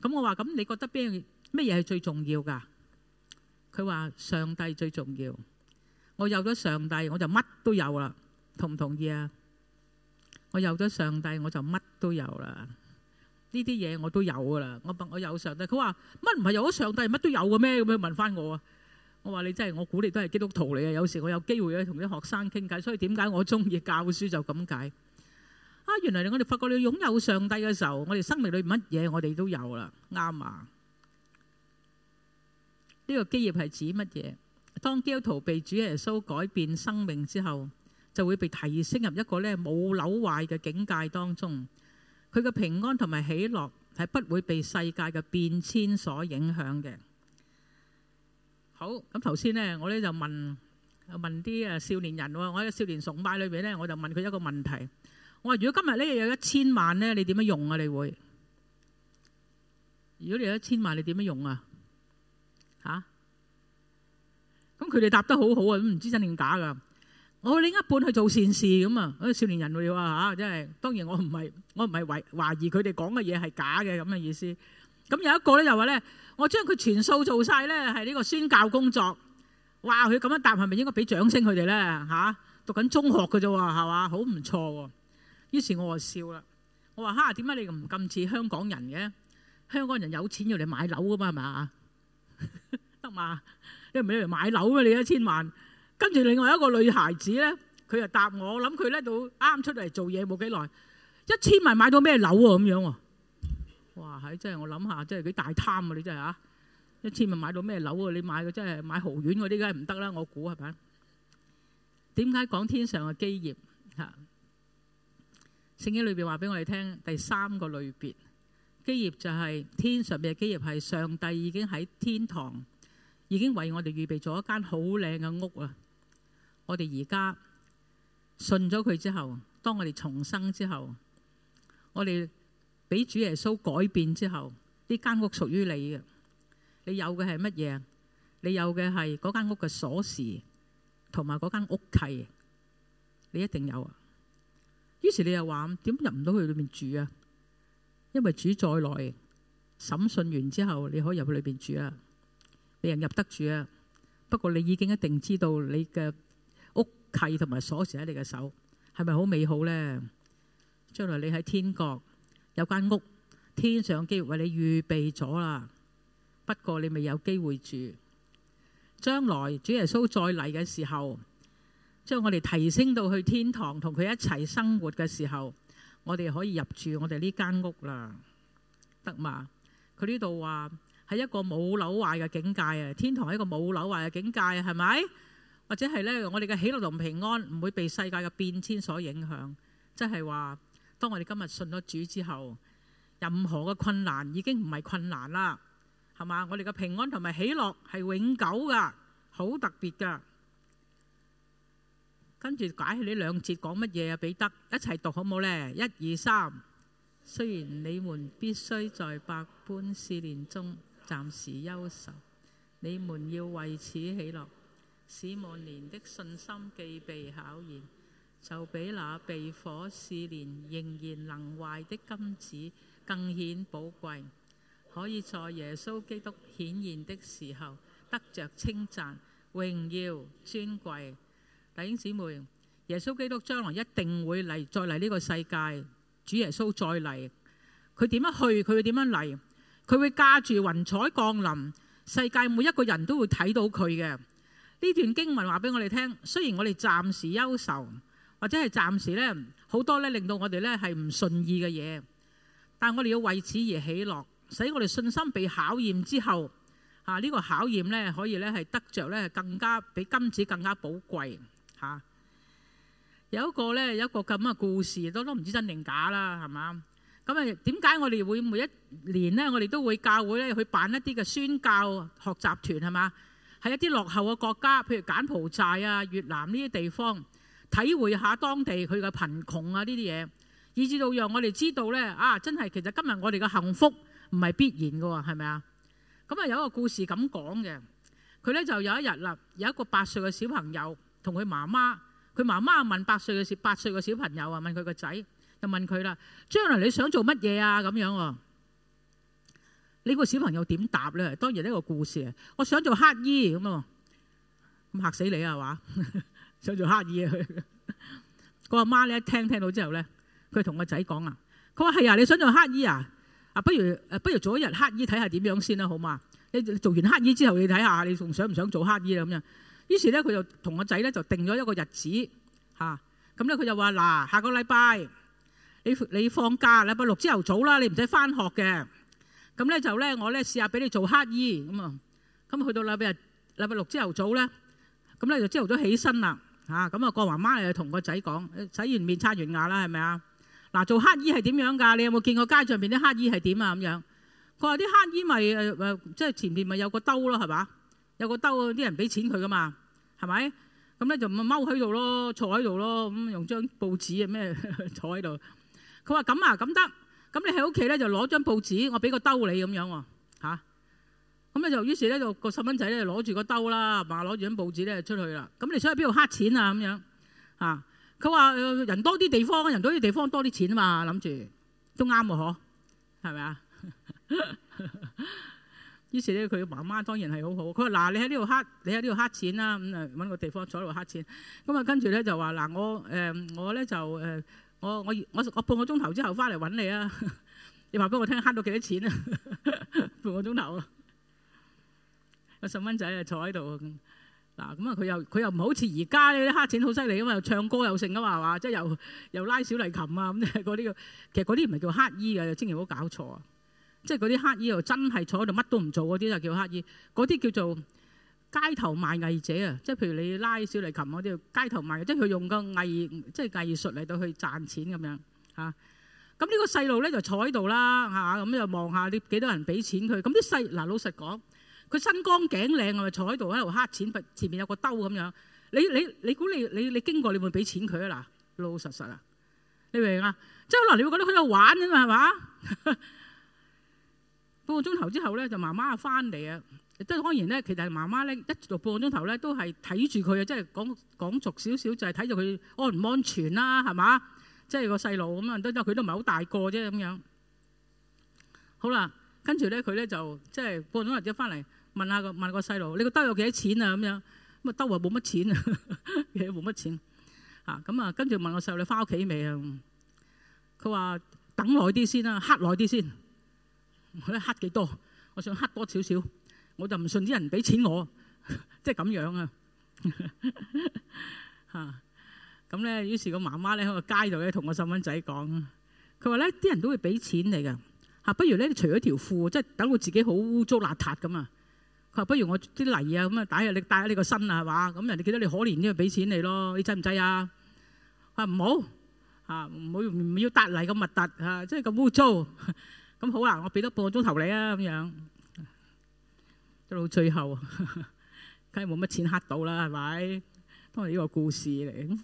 咁我話咁你覺得邊樣咩嘢係最重要噶？佢話上帝最重要，我有咗上帝我就乜都有啦。同唔同意啊？我有咗上帝我就乜都有啦。呢啲嘢我都有噶啦。我我有上帝。佢話乜唔係有咗上帝乜都有嘅咩？咁樣問翻我。我話你真係我估你都係基督徒嚟嘅。有時我有機會去同啲學生傾偈，所以點解我中意教書就咁解。原來我哋發覺，你擁有上帝嘅時候，我哋生命裏邊乜嘢，我哋都有啦。啱啊？呢個基業係指乜嘢？當基督徒被主耶穌改變生命之後，就會被提升入一個咧冇朽壞嘅境界當中。佢嘅平安同埋喜樂係不會被世界嘅變遷所影響嘅。好咁，頭先咧，我咧就問問啲誒少年人，我喺個少年崇拜裏邊咧，我就問佢一個問題。我話如果今日咧有一千萬咧，你點樣用啊？你會如果你有一千萬，你點樣用啊？吓，咁佢哋答得好好啊，都唔知真定假噶。我另一半去做善事咁啊。誒，少年人喎吓，真係當然我唔係我唔係懷懷疑佢哋講嘅嘢係假嘅咁嘅意思。咁有一個咧就話咧，我將佢全數做晒咧係呢個宣教工作。哇！佢咁樣答係咪應該俾掌聲佢哋咧吓？讀緊中學嘅啫，係嘛，好唔錯。於是我就笑啦，我話吓點解你唔咁似香港人嘅？香港人有錢要嚟買樓㗎嘛係咪？得嘛？你唔係用嚟買樓咩？你一千萬？跟住另外一個女孩子咧，佢又答我，我諗佢咧到啱出嚟做嘢冇幾耐，一千萬買到咩樓啊？咁樣喎？哇！係真係我諗下真係幾大貪啊，你真係吓！一千萬買到咩樓啊？你買嘅真係買豪苑嗰啲梗係唔得啦，我估係咪啊？點解講天上嘅基業吓？聖經裏面話俾我哋聽，第三個類別基業就係天上嘅基業，係上帝已經喺天堂，已經為我哋預備咗一間好靚嘅屋啊！我哋而家信咗佢之後，當我哋重生之後，我哋俾主耶穌改變之後，呢間屋屬於你嘅。你有嘅係乜嘢？你有嘅係嗰間屋嘅鎖匙同埋嗰間屋契，你一定有啊！於是你又話，點入唔到去裏面住啊？因為主再來審訊完之後，你可以入去裏面住啊。沒人入得住啊。不過你已經一定知道你嘅屋契同埋鎖匙喺你嘅手，係咪好美好呢？將來你喺天國有間屋，天上機會為你預備咗啦。不過你未有機會住。將來主耶穌再嚟嘅時候，將我哋提升到去天堂同佢一齊生活嘅時候，我哋可以入住我哋呢間屋啦，得嘛？佢呢度話係一個冇朽壞嘅境界啊！天堂係一個冇朽壞嘅境界啊，係咪？或者係呢，我哋嘅喜樂同平安唔會被世界嘅變遷所影響，即係話當我哋今日信咗主之後，任何嘅困難已經唔係困難啦，係嘛？我哋嘅平安同埋喜樂係永久噶，好特別噶。跟住解起呢兩節講乜嘢啊？彼得一齊讀好唔好咧？一,一二三，雖然你們必須在百般試煉中暫時憂愁，你們要為此喜樂。使你們的信心既被考驗，就比那被火試煉仍然能壞的金子更顯寶貴，可以在耶穌基督顯現的時候得着稱讚、榮耀、尊貴。弟兄姊妹，耶穌基督將來一定會嚟，再嚟呢個世界，主耶穌再嚟，佢點樣去，佢會點樣嚟，佢會駕住雲彩降臨，世界每一個人都會睇到佢嘅。呢段經文話俾我哋聽，雖然我哋暫時憂愁，或者係暫時呢好多呢令到我哋呢係唔順意嘅嘢，但我哋要為此而喜樂，使我哋信心被考驗之後，吓、啊、呢、呢個考驗呢可以呢係得着呢更加比金子更加寶貴。嚇、啊！有一個咧，有一個咁嘅故事，都都唔知真定假啦，係嘛？咁啊，點解我哋會每一年呢？我哋都會教會咧去辦一啲嘅宣教學習團係嘛？喺一啲落後嘅國家，譬如柬埔寨啊、越南呢啲地方，體會下當地佢嘅貧窮啊呢啲嘢，以至到讓我哋知道咧，啊，真係其實今日我哋嘅幸福唔係必然㗎喎，係咪啊？咁啊，有一個故事咁講嘅，佢咧就有一日啦，有一個八歲嘅小朋友。同佢媽媽，佢媽媽問八歲嘅小八歲、啊、個小朋友啊，問佢個仔，就問佢啦：將來你想做乜嘢啊？咁樣喎，呢個小朋友點答咧？當然呢個故事啊，我想做乞兒，咁啊，咁嚇死你啊！話 *laughs* 想做乞兒啊！佢個阿媽咧，一聽聽到之後咧，佢同個仔講啊，佢話：係啊，你想做乞兒啊？啊，不如不如做一日乞兒睇下點樣先啦，好嘛？你做完乞兒之後，你睇下你仲想唔想做乞兒啦？咁樣。於是咧，佢就同個仔咧就定咗一個日子嚇。咁、啊、咧，佢就話：嗱，下個禮拜你你放假，禮拜六朝頭早啦，你唔使返學嘅。咁咧就咧，我咧試下俾你做乞兒。咁啊。咁去到禮拜禮拜六朝頭早咧，咁咧就朝頭早起身啦嚇。咁啊，個、啊、媽媽又同個仔講：洗完面刷完牙啦，係咪啊？嗱，做乞兒係點樣㗎？你有冇見過街上邊啲乞兒係點啊？咁樣佢話啲乞兒咪誒誒，即係前邊咪有個兜咯，係嘛？有個兜，啲人俾錢佢噶嘛，係咪？咁咧就踎喺度咯，坐喺度咯，咁用張報紙 *laughs* 啊咩坐喺度。佢話：咁啊咁得，咁你喺屋企咧就攞張報紙，我俾個兜你咁樣喎、啊，嚇、啊。咁咧就於是咧就個細蚊仔咧就攞住個兜啦，同埋攞住張報紙咧出去啦。咁你出去邊度乞錢啊？咁、啊、樣啊？佢、啊、話、呃、人多啲地方，人多啲地方多啲錢啊嘛，諗住都啱喎，嗬？係咪啊？ *laughs* 於是咧，佢媽媽當然係好好。佢話：嗱，你喺呢度乞，你喺呢度乞錢啦。咁啊，揾個地方坐喺度乞錢。咁啊，跟住咧就話：嗱，我誒我咧就誒我我我半個鐘頭之後翻嚟揾你啊！你話俾我聽乞到幾多錢啊？半個鐘頭啊！個細蚊仔啊，坐喺度。嗱，咁啊，佢又佢又唔好似而家咧乞錢好犀利啊嘛，又唱歌又剩啊嘛，係嘛？即係又又拉小提琴啊咁。嗰啲嘅其實嗰啲唔係叫乞衣啊，千祈唔好搞錯啊！即係嗰啲乞兒又真係坐喺度乜都唔做，嗰啲就叫乞兒，嗰啲叫做街頭賣藝者啊！即係譬如你拉小提琴，嗰啲街頭賣，即係佢用個藝即係藝術嚟到去賺錢咁樣嚇。咁呢個細路咧就坐喺度啦嚇，咁就望下啲幾多人俾錢佢。咁啲細，嗱老實講，佢身光頸靚啊嘛，坐喺度喺度乞錢，前面有個兜咁樣。你你你估你你你經過你會俾錢佢啊？嗱老老實實啊，你明啊？即係可能你會覺得佢喺度玩吖嘛，係嘛？半個鐘頭之後咧，就媽媽啊翻嚟啊，即係當然咧，其實媽媽咧一直到半個鐘頭咧，都係睇住佢啊，即係講講熟少少就係睇住佢安唔安全啦，係嘛？即係個細路咁啊，都都佢都唔係好大個啫咁樣。好啦，跟住咧佢咧就即係半個鐘頭之後翻嚟問下個問個細路：你個兜有幾多錢啊？咁樣咁啊，兜啊冇乜錢啊，嘢冇乜錢嚇。咁啊跟住問個細路你翻屋企未啊？佢話等耐啲先啦，黑耐啲先。我咧乞幾多？我想乞多少少，我就唔信啲人俾錢我，即係咁樣啊！嚇咁咧，於是個媽媽咧喺個街度咧同我細蚊仔講，佢話咧啲人都會俾錢你㗎嚇，不如咧除咗條褲，即係等佢自己好污糟邋遢咁啊！佢話不如我啲泥啊咁啊，帶啊你帶喺你個身啊，係嘛？咁人哋見到你可憐，都要俾錢你咯，你制唔制啊？佢話唔好嚇，冇唔要搭泥嘅物質嚇，即係咁污糟。咁好啦，我俾多半個鐘頭你啊，咁樣到最後，梗係冇乜錢乞到啦，係咪？都係呢個故事嚟。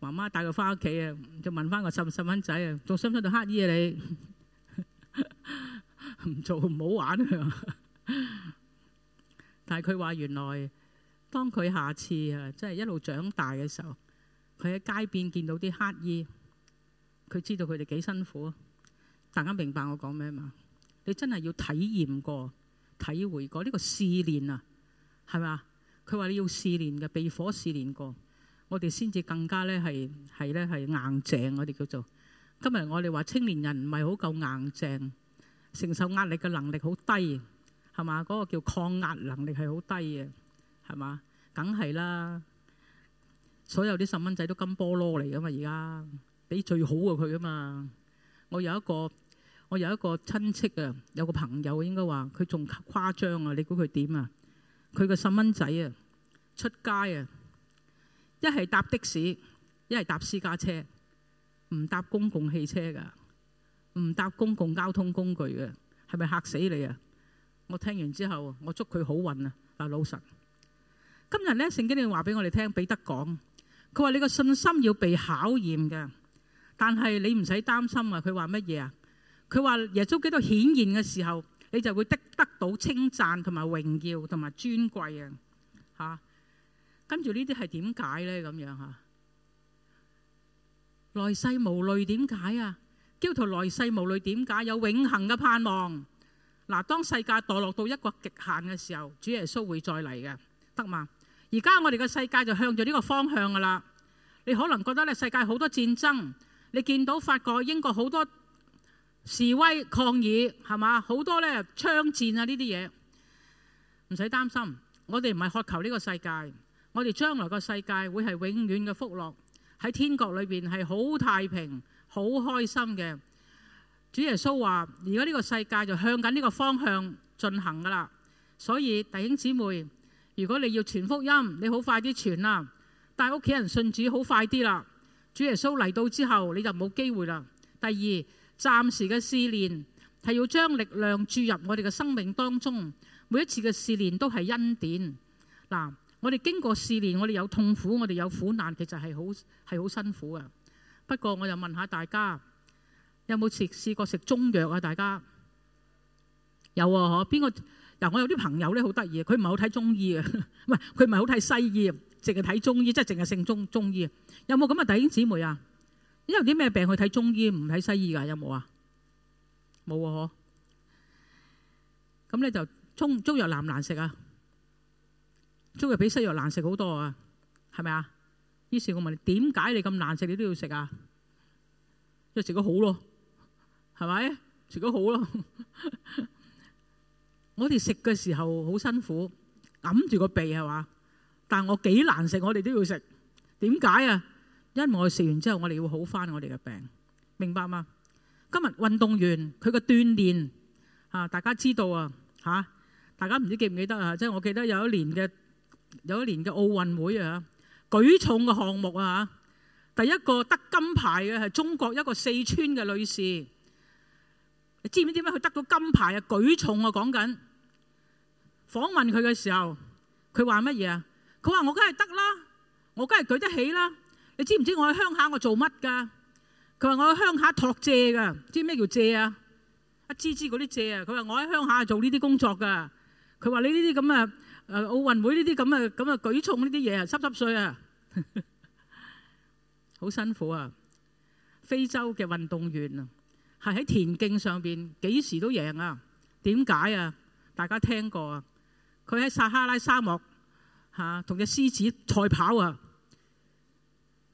媽媽帶佢翻屋企啊，就問翻個細細蚊仔啊，仲想唔想做乞兒啊你？唔做唔好玩啊！但係佢話原來當佢下次啊，即係一路長大嘅時候，佢喺街邊見到啲乞兒，佢知道佢哋幾辛苦啊。大家明白我講咩嘛？你真係要體驗過，體會過呢個試煉啊，係咪？佢話，你要試煉嘅，被火試煉過，我哋先至更加咧係係咧係硬淨，我哋叫做。今日我哋話青年人唔係好夠硬淨，承受壓力嘅能力好低，係嘛？嗰個叫抗壓能力係好低啊，係嘛？梗係啦，所有啲細蚊仔都金菠蘿嚟噶嘛？而家俾最好嘅佢啊嘛？我有一個。我有一個親戚啊，有個朋友應該話佢仲誇張啊。你估佢點啊？佢個細蚊仔啊，出街啊，一係搭的士，一係搭私家車，唔搭公共汽車㗎，唔搭公共交通工具㗎，係咪嚇死你啊？我聽完之後，我祝佢好運啊！嗱，老實今日呢，聖經就話俾我哋聽，彼得講佢話：你個信心要被考驗嘅，但係你唔使擔心啊。佢話乜嘢啊？佢話耶穌基督顯現嘅時候，你就會得得到稱讚同埋榮耀同埋尊貴啊！嚇，跟住呢啲係點解呢？咁樣嚇、啊，來世無慮點解啊？基督徒來世無慮點解有永恆嘅盼望？嗱、啊，當世界墮落到一個極限嘅時候，主耶穌會再嚟嘅，得嘛？而家我哋嘅世界就向住呢個方向噶啦。你可能覺得咧，世界好多戰爭，你見到法國、英國好多。示威抗議係嘛？好多咧槍戰啊！呢啲嘢唔使擔心。我哋唔係渴求呢個世界，我哋將來個世界會係永遠嘅福樂喺天國裏邊係好太平、好開心嘅。主耶穌話，而家呢個世界就向緊呢個方向進行㗎啦，所以弟兄姊妹，如果你要傳福音，你好快啲傳啦，啊。帶屋企人信主好快啲啦。主耶穌嚟到之後你就冇機會啦。第二。暫時嘅試煉係要將力量注入我哋嘅生命當中，每一次嘅試煉都係恩典。嗱，我哋經過試煉，我哋有痛苦，我哋有苦難，其實係好係好辛苦嘅。不過，我又問下大家，有冇試試過食中藥啊？大家有啊？嗬，邊個？嗱，我有啲朋友咧，好得意，佢唔係好睇中醫啊，唔係佢唔係好睇西醫，淨係睇中醫，即係淨係姓中中醫。有冇咁嘅弟兄姊妹啊？因為啲咩病去睇中醫唔睇西醫噶？有冇啊？冇啊？嗬？咁你就中中藥難唔難食啊？中藥比西藥難食好多啊？係咪啊？於是我問你：點解你咁難食你都要食啊？因為食咗好咯，係咪？食咗好咯。我哋食嘅時候好辛苦，揞住個鼻係嘛，但我幾難食我哋都要食，點解啊？因為我食完之後，我哋會好翻我哋嘅病，明白嘛？今日運動員佢嘅鍛煉啊，大家知道啊吓、啊？大家唔知記唔記得啊？即係我記得有一年嘅，有一年嘅奧運會啊，舉重嘅項目啊吓，第一個得金牌嘅係中國一個四川嘅女士。你知唔知點解佢得到金牌啊？舉重啊，講緊訪問佢嘅時候，佢話乜嘢啊？佢話我梗係得啦，我梗係舉得起啦。你知唔知我喺鄉下我做乜㗎？佢話我喺鄉下托借㗎，知咩叫借啊？一支支嗰啲借啊！佢話我喺鄉下做呢啲工作㗎。佢話你呢啲咁啊，誒奧運會呢啲咁啊，咁啊舉重呢啲嘢係濕濕碎啊，好辛苦啊！非洲嘅運動員啊，係喺田徑上邊幾時都贏啊？點解啊？大家聽過啊？佢喺撒哈拉沙漠嚇同隻獅子賽跑啊！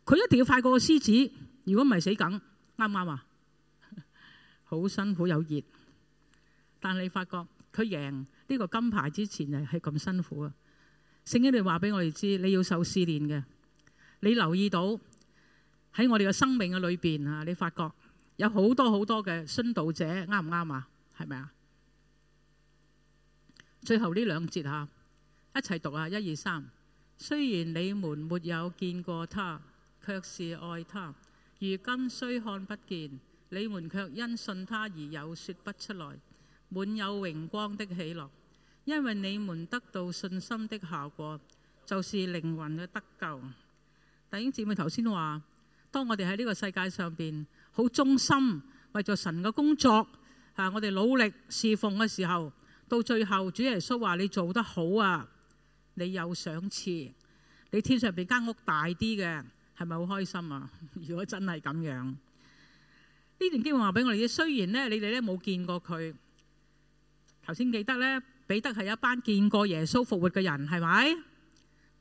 佢一定要快過個獅子，如果唔係死梗，啱唔啱啊？好辛苦又熱，但你發覺佢贏呢個金牌之前係係咁辛苦啊！聖經你話俾我哋知，你要受試煉嘅。你留意到喺我哋嘅生命嘅裏邊啊，你發覺有好多好多嘅殉道者，啱唔啱啊？係咪啊？最後呢兩節吓，一齊讀啊！一二三，雖然你們沒有見過他。卻是愛他，如今雖看不見，你們卻因信他而有說不出來，滿有榮光的喜樂，因為你們得到信心的效果，就是靈魂嘅得救。弟兄姊妹頭先話，當我哋喺呢個世界上邊好忠心為咗神嘅工作啊，我哋努力侍奉嘅時候，到最後主耶穌話你做得好啊，你有賞賜，你天上邊間屋大啲嘅。係咪好開心啊？如果真係咁樣，呢段經文話俾我哋嘅，雖然咧你哋咧冇見過佢，頭先記得咧彼得係一班見過耶穌復活嘅人，係咪？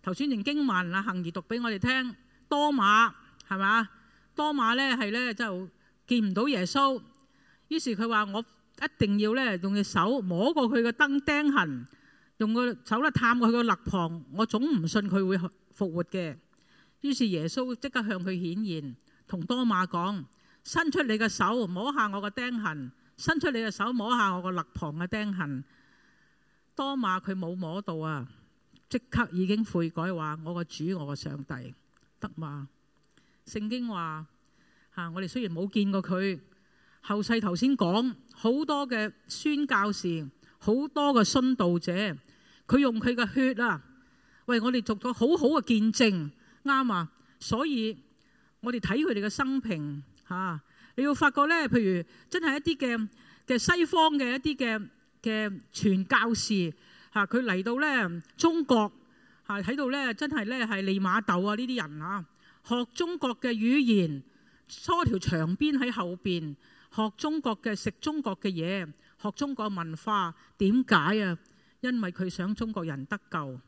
頭先段經文啊，慧兒讀俾我哋聽，多馬係嘛？多馬咧係咧就見唔到耶穌，於是佢話我一定要咧用隻手摸過佢嘅釘釘痕，用個手咧探過佢個肋旁，我總唔信佢會復活嘅。於是耶穌即刻向佢顯現，同多馬講：伸出你嘅手摸下我個釘痕，伸出你嘅手摸下我個肋旁嘅釘痕。多馬佢冇摸到啊，即刻已經悔改，話：我個主，我個上帝，得嘛？聖經話嚇、啊，我哋雖然冇見過佢，後世頭先講好多嘅宣教士，好多嘅殉道者，佢用佢嘅血啊，為，我哋做咗好好嘅見證。啱啊！所以我哋睇佢哋嘅生平吓、啊，你會發覺咧，譬如真係一啲嘅嘅西方嘅一啲嘅嘅傳教士吓，佢、啊、嚟到咧中國吓，睇、啊、到咧，真係咧係利瑪竇啊呢啲人嚇、啊，學中國嘅語言，拖條長鞭喺後邊，學中國嘅食中國嘅嘢，學中國文化，點解啊？因為佢想中國人得救。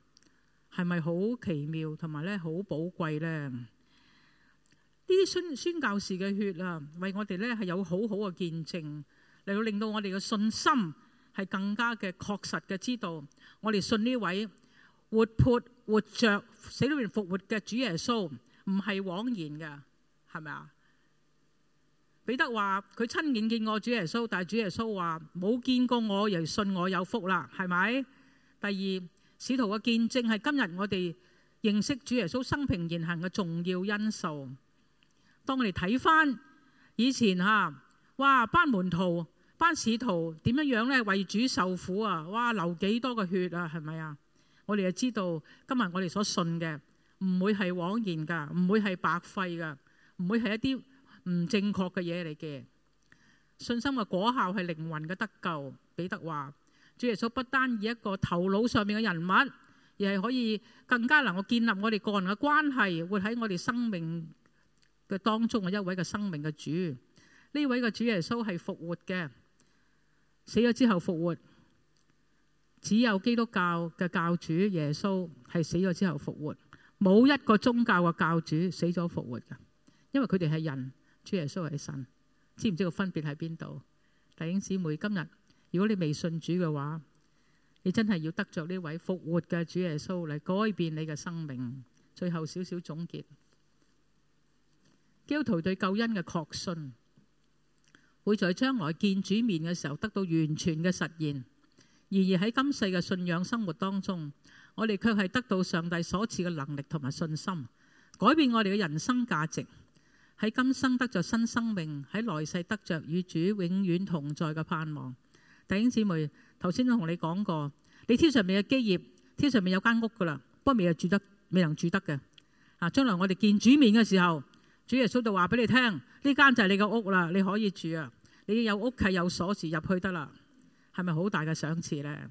係咪好奇妙同埋咧好寶貴咧？呢啲宣宣教士嘅血啊，為我哋咧係有好好嘅見證，嚟到令到我哋嘅信心係更加嘅確實嘅知道，我哋信呢位活潑活着死裏面復活嘅主耶穌，唔係枉然噶，係咪啊？彼得話佢親眼見過主耶穌，但係主耶穌話冇見過我又信我有福啦，係咪？第二。使徒嘅見證係今日我哋認識主耶穌生平言行嘅重要因素。當我哋睇翻以前吓，哇班門徒、班使徒點樣樣咧為主受苦啊！哇流幾多嘅血啊，係咪啊？我哋就知道今日我哋所信嘅唔會係枉然噶，唔會係白費噶，唔會係一啲唔正確嘅嘢嚟嘅。信心嘅果效係靈魂嘅得救。彼得話。主耶穌不單以一個頭腦上面嘅人物，而係可以更加能夠建立我哋個人嘅關係，活喺我哋生命嘅當中嘅一位嘅生命嘅主。呢位嘅主耶穌係復活嘅，死咗之後復活。只有基督教嘅教主耶穌係死咗之後復活，冇一個宗教嘅教主死咗復活嘅，因為佢哋係人，主耶穌係神。知唔知道分別喺邊度？弟兄姊妹，今日。如果你未信主嘅話，你真係要得着呢位復活嘅主耶穌嚟改變你嘅生命。最後少少總結，基督徒對救恩嘅確信，會在將來見主面嘅時候得到完全嘅實現；然而喺今世嘅信仰生活當中，我哋卻係得到上帝所賜嘅能力同埋信心，改變我哋嘅人生價值。喺今生得着新生命，喺來世得着與主永遠同在嘅盼望。弟兄姊妹，頭先都同你講過，你天上面嘅基業，天上面有間屋噶啦，不過未係住得，未能住得嘅。啊，將來我哋見主面嘅時候，主耶穌就話俾你聽，呢間就係你個屋啦，你可以住啊，你要有屋契有鎖匙入去得啦，係咪好大嘅賞賜咧？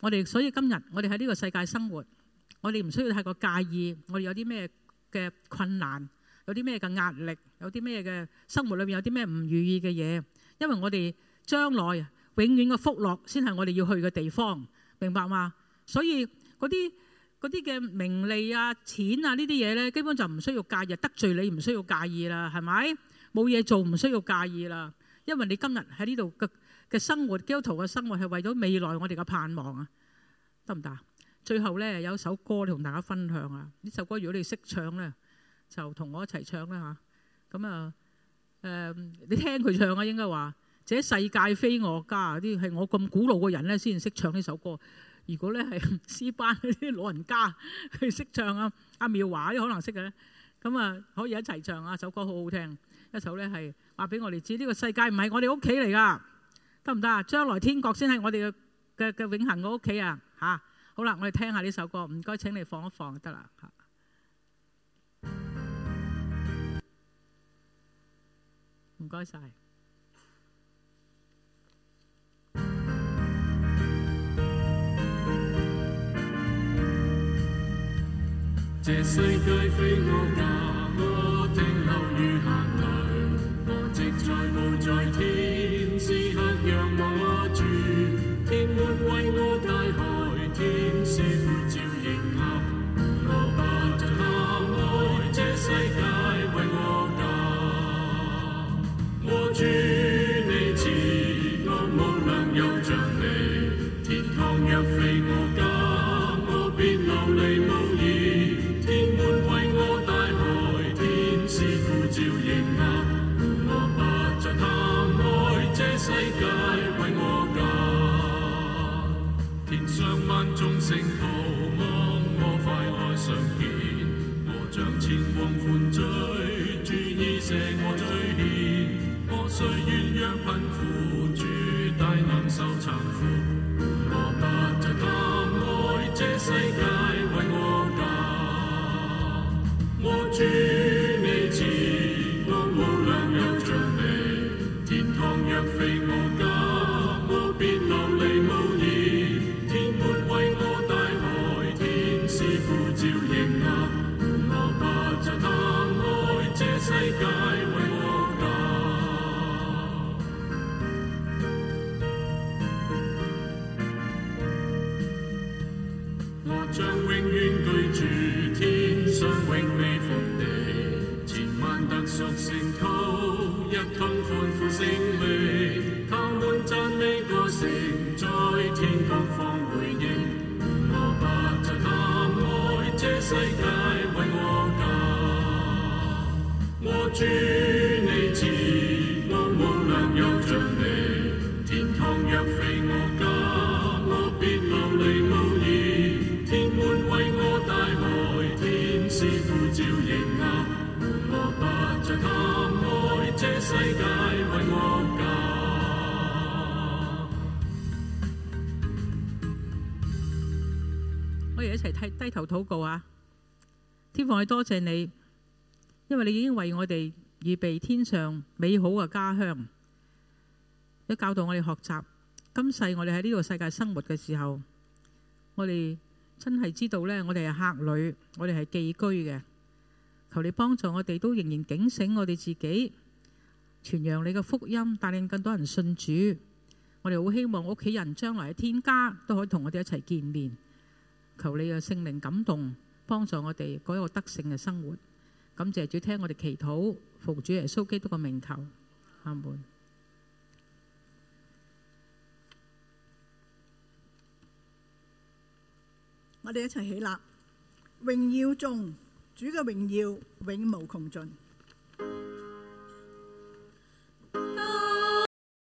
我哋所以今日，我哋喺呢個世界生活，我哋唔需要太過介意，我哋有啲咩嘅困難，有啲咩嘅壓力，有啲咩嘅生活裏面有啲咩唔如意嘅嘢，因為我哋。將來永遠嘅福樂先係我哋要去嘅地方，明白嘛？所以嗰啲嗰啲嘅名利啊、錢啊呢啲嘢咧，根本就唔需要介意，得罪你唔需要介意啦，係咪？冇嘢做唔需要介意啦，因為你今日喺呢度嘅嘅生活、基督徒嘅生活係為咗未來我哋嘅盼望啊，得唔得？最後咧有首歌同大家分享啊！呢首歌如果你識唱咧，就同我一齊唱啦吓，咁啊誒、呃，你聽佢唱啊，應該話。這世界非我家，啲係我咁古老嘅人咧先識唱呢首歌。如果咧係師班啲老人家去識唱啊，阿妙華都可能識嘅，咁啊可以一齊唱啊！首歌好好聽，一首咧係話俾我哋知呢個世界唔係我哋屋企嚟噶，得唔得啊？將來天國先係我哋嘅嘅嘅永恆嘅屋企啊！嚇，好啦，我哋聽下呢首歌，唔該請你放一放就得啦嚇，唔該晒。這世界非我家，我停留如閒人。我即在無在天，此刻讓我。低頭禱告啊！天父，我多謝你，因為你已經為我哋預備天上美好嘅家鄉，都教導我哋學習。今世我哋喺呢個世界生活嘅時候，我哋真係知道呢，我哋係客旅，我哋係寄居嘅。求你幫助我哋，都仍然警醒我哋自己，傳揚你嘅福音，帶領更多人信主。我哋好希望屋企人將來嘅天家都可以同我哋一齊見面。求你嘅聖靈感動，幫助我哋過一個得勝嘅生活。感謝主聽我哋祈禱，奉主耶穌基督嘅名求，阿門。我哋一齊起立，榮耀中主嘅榮耀永無窮盡。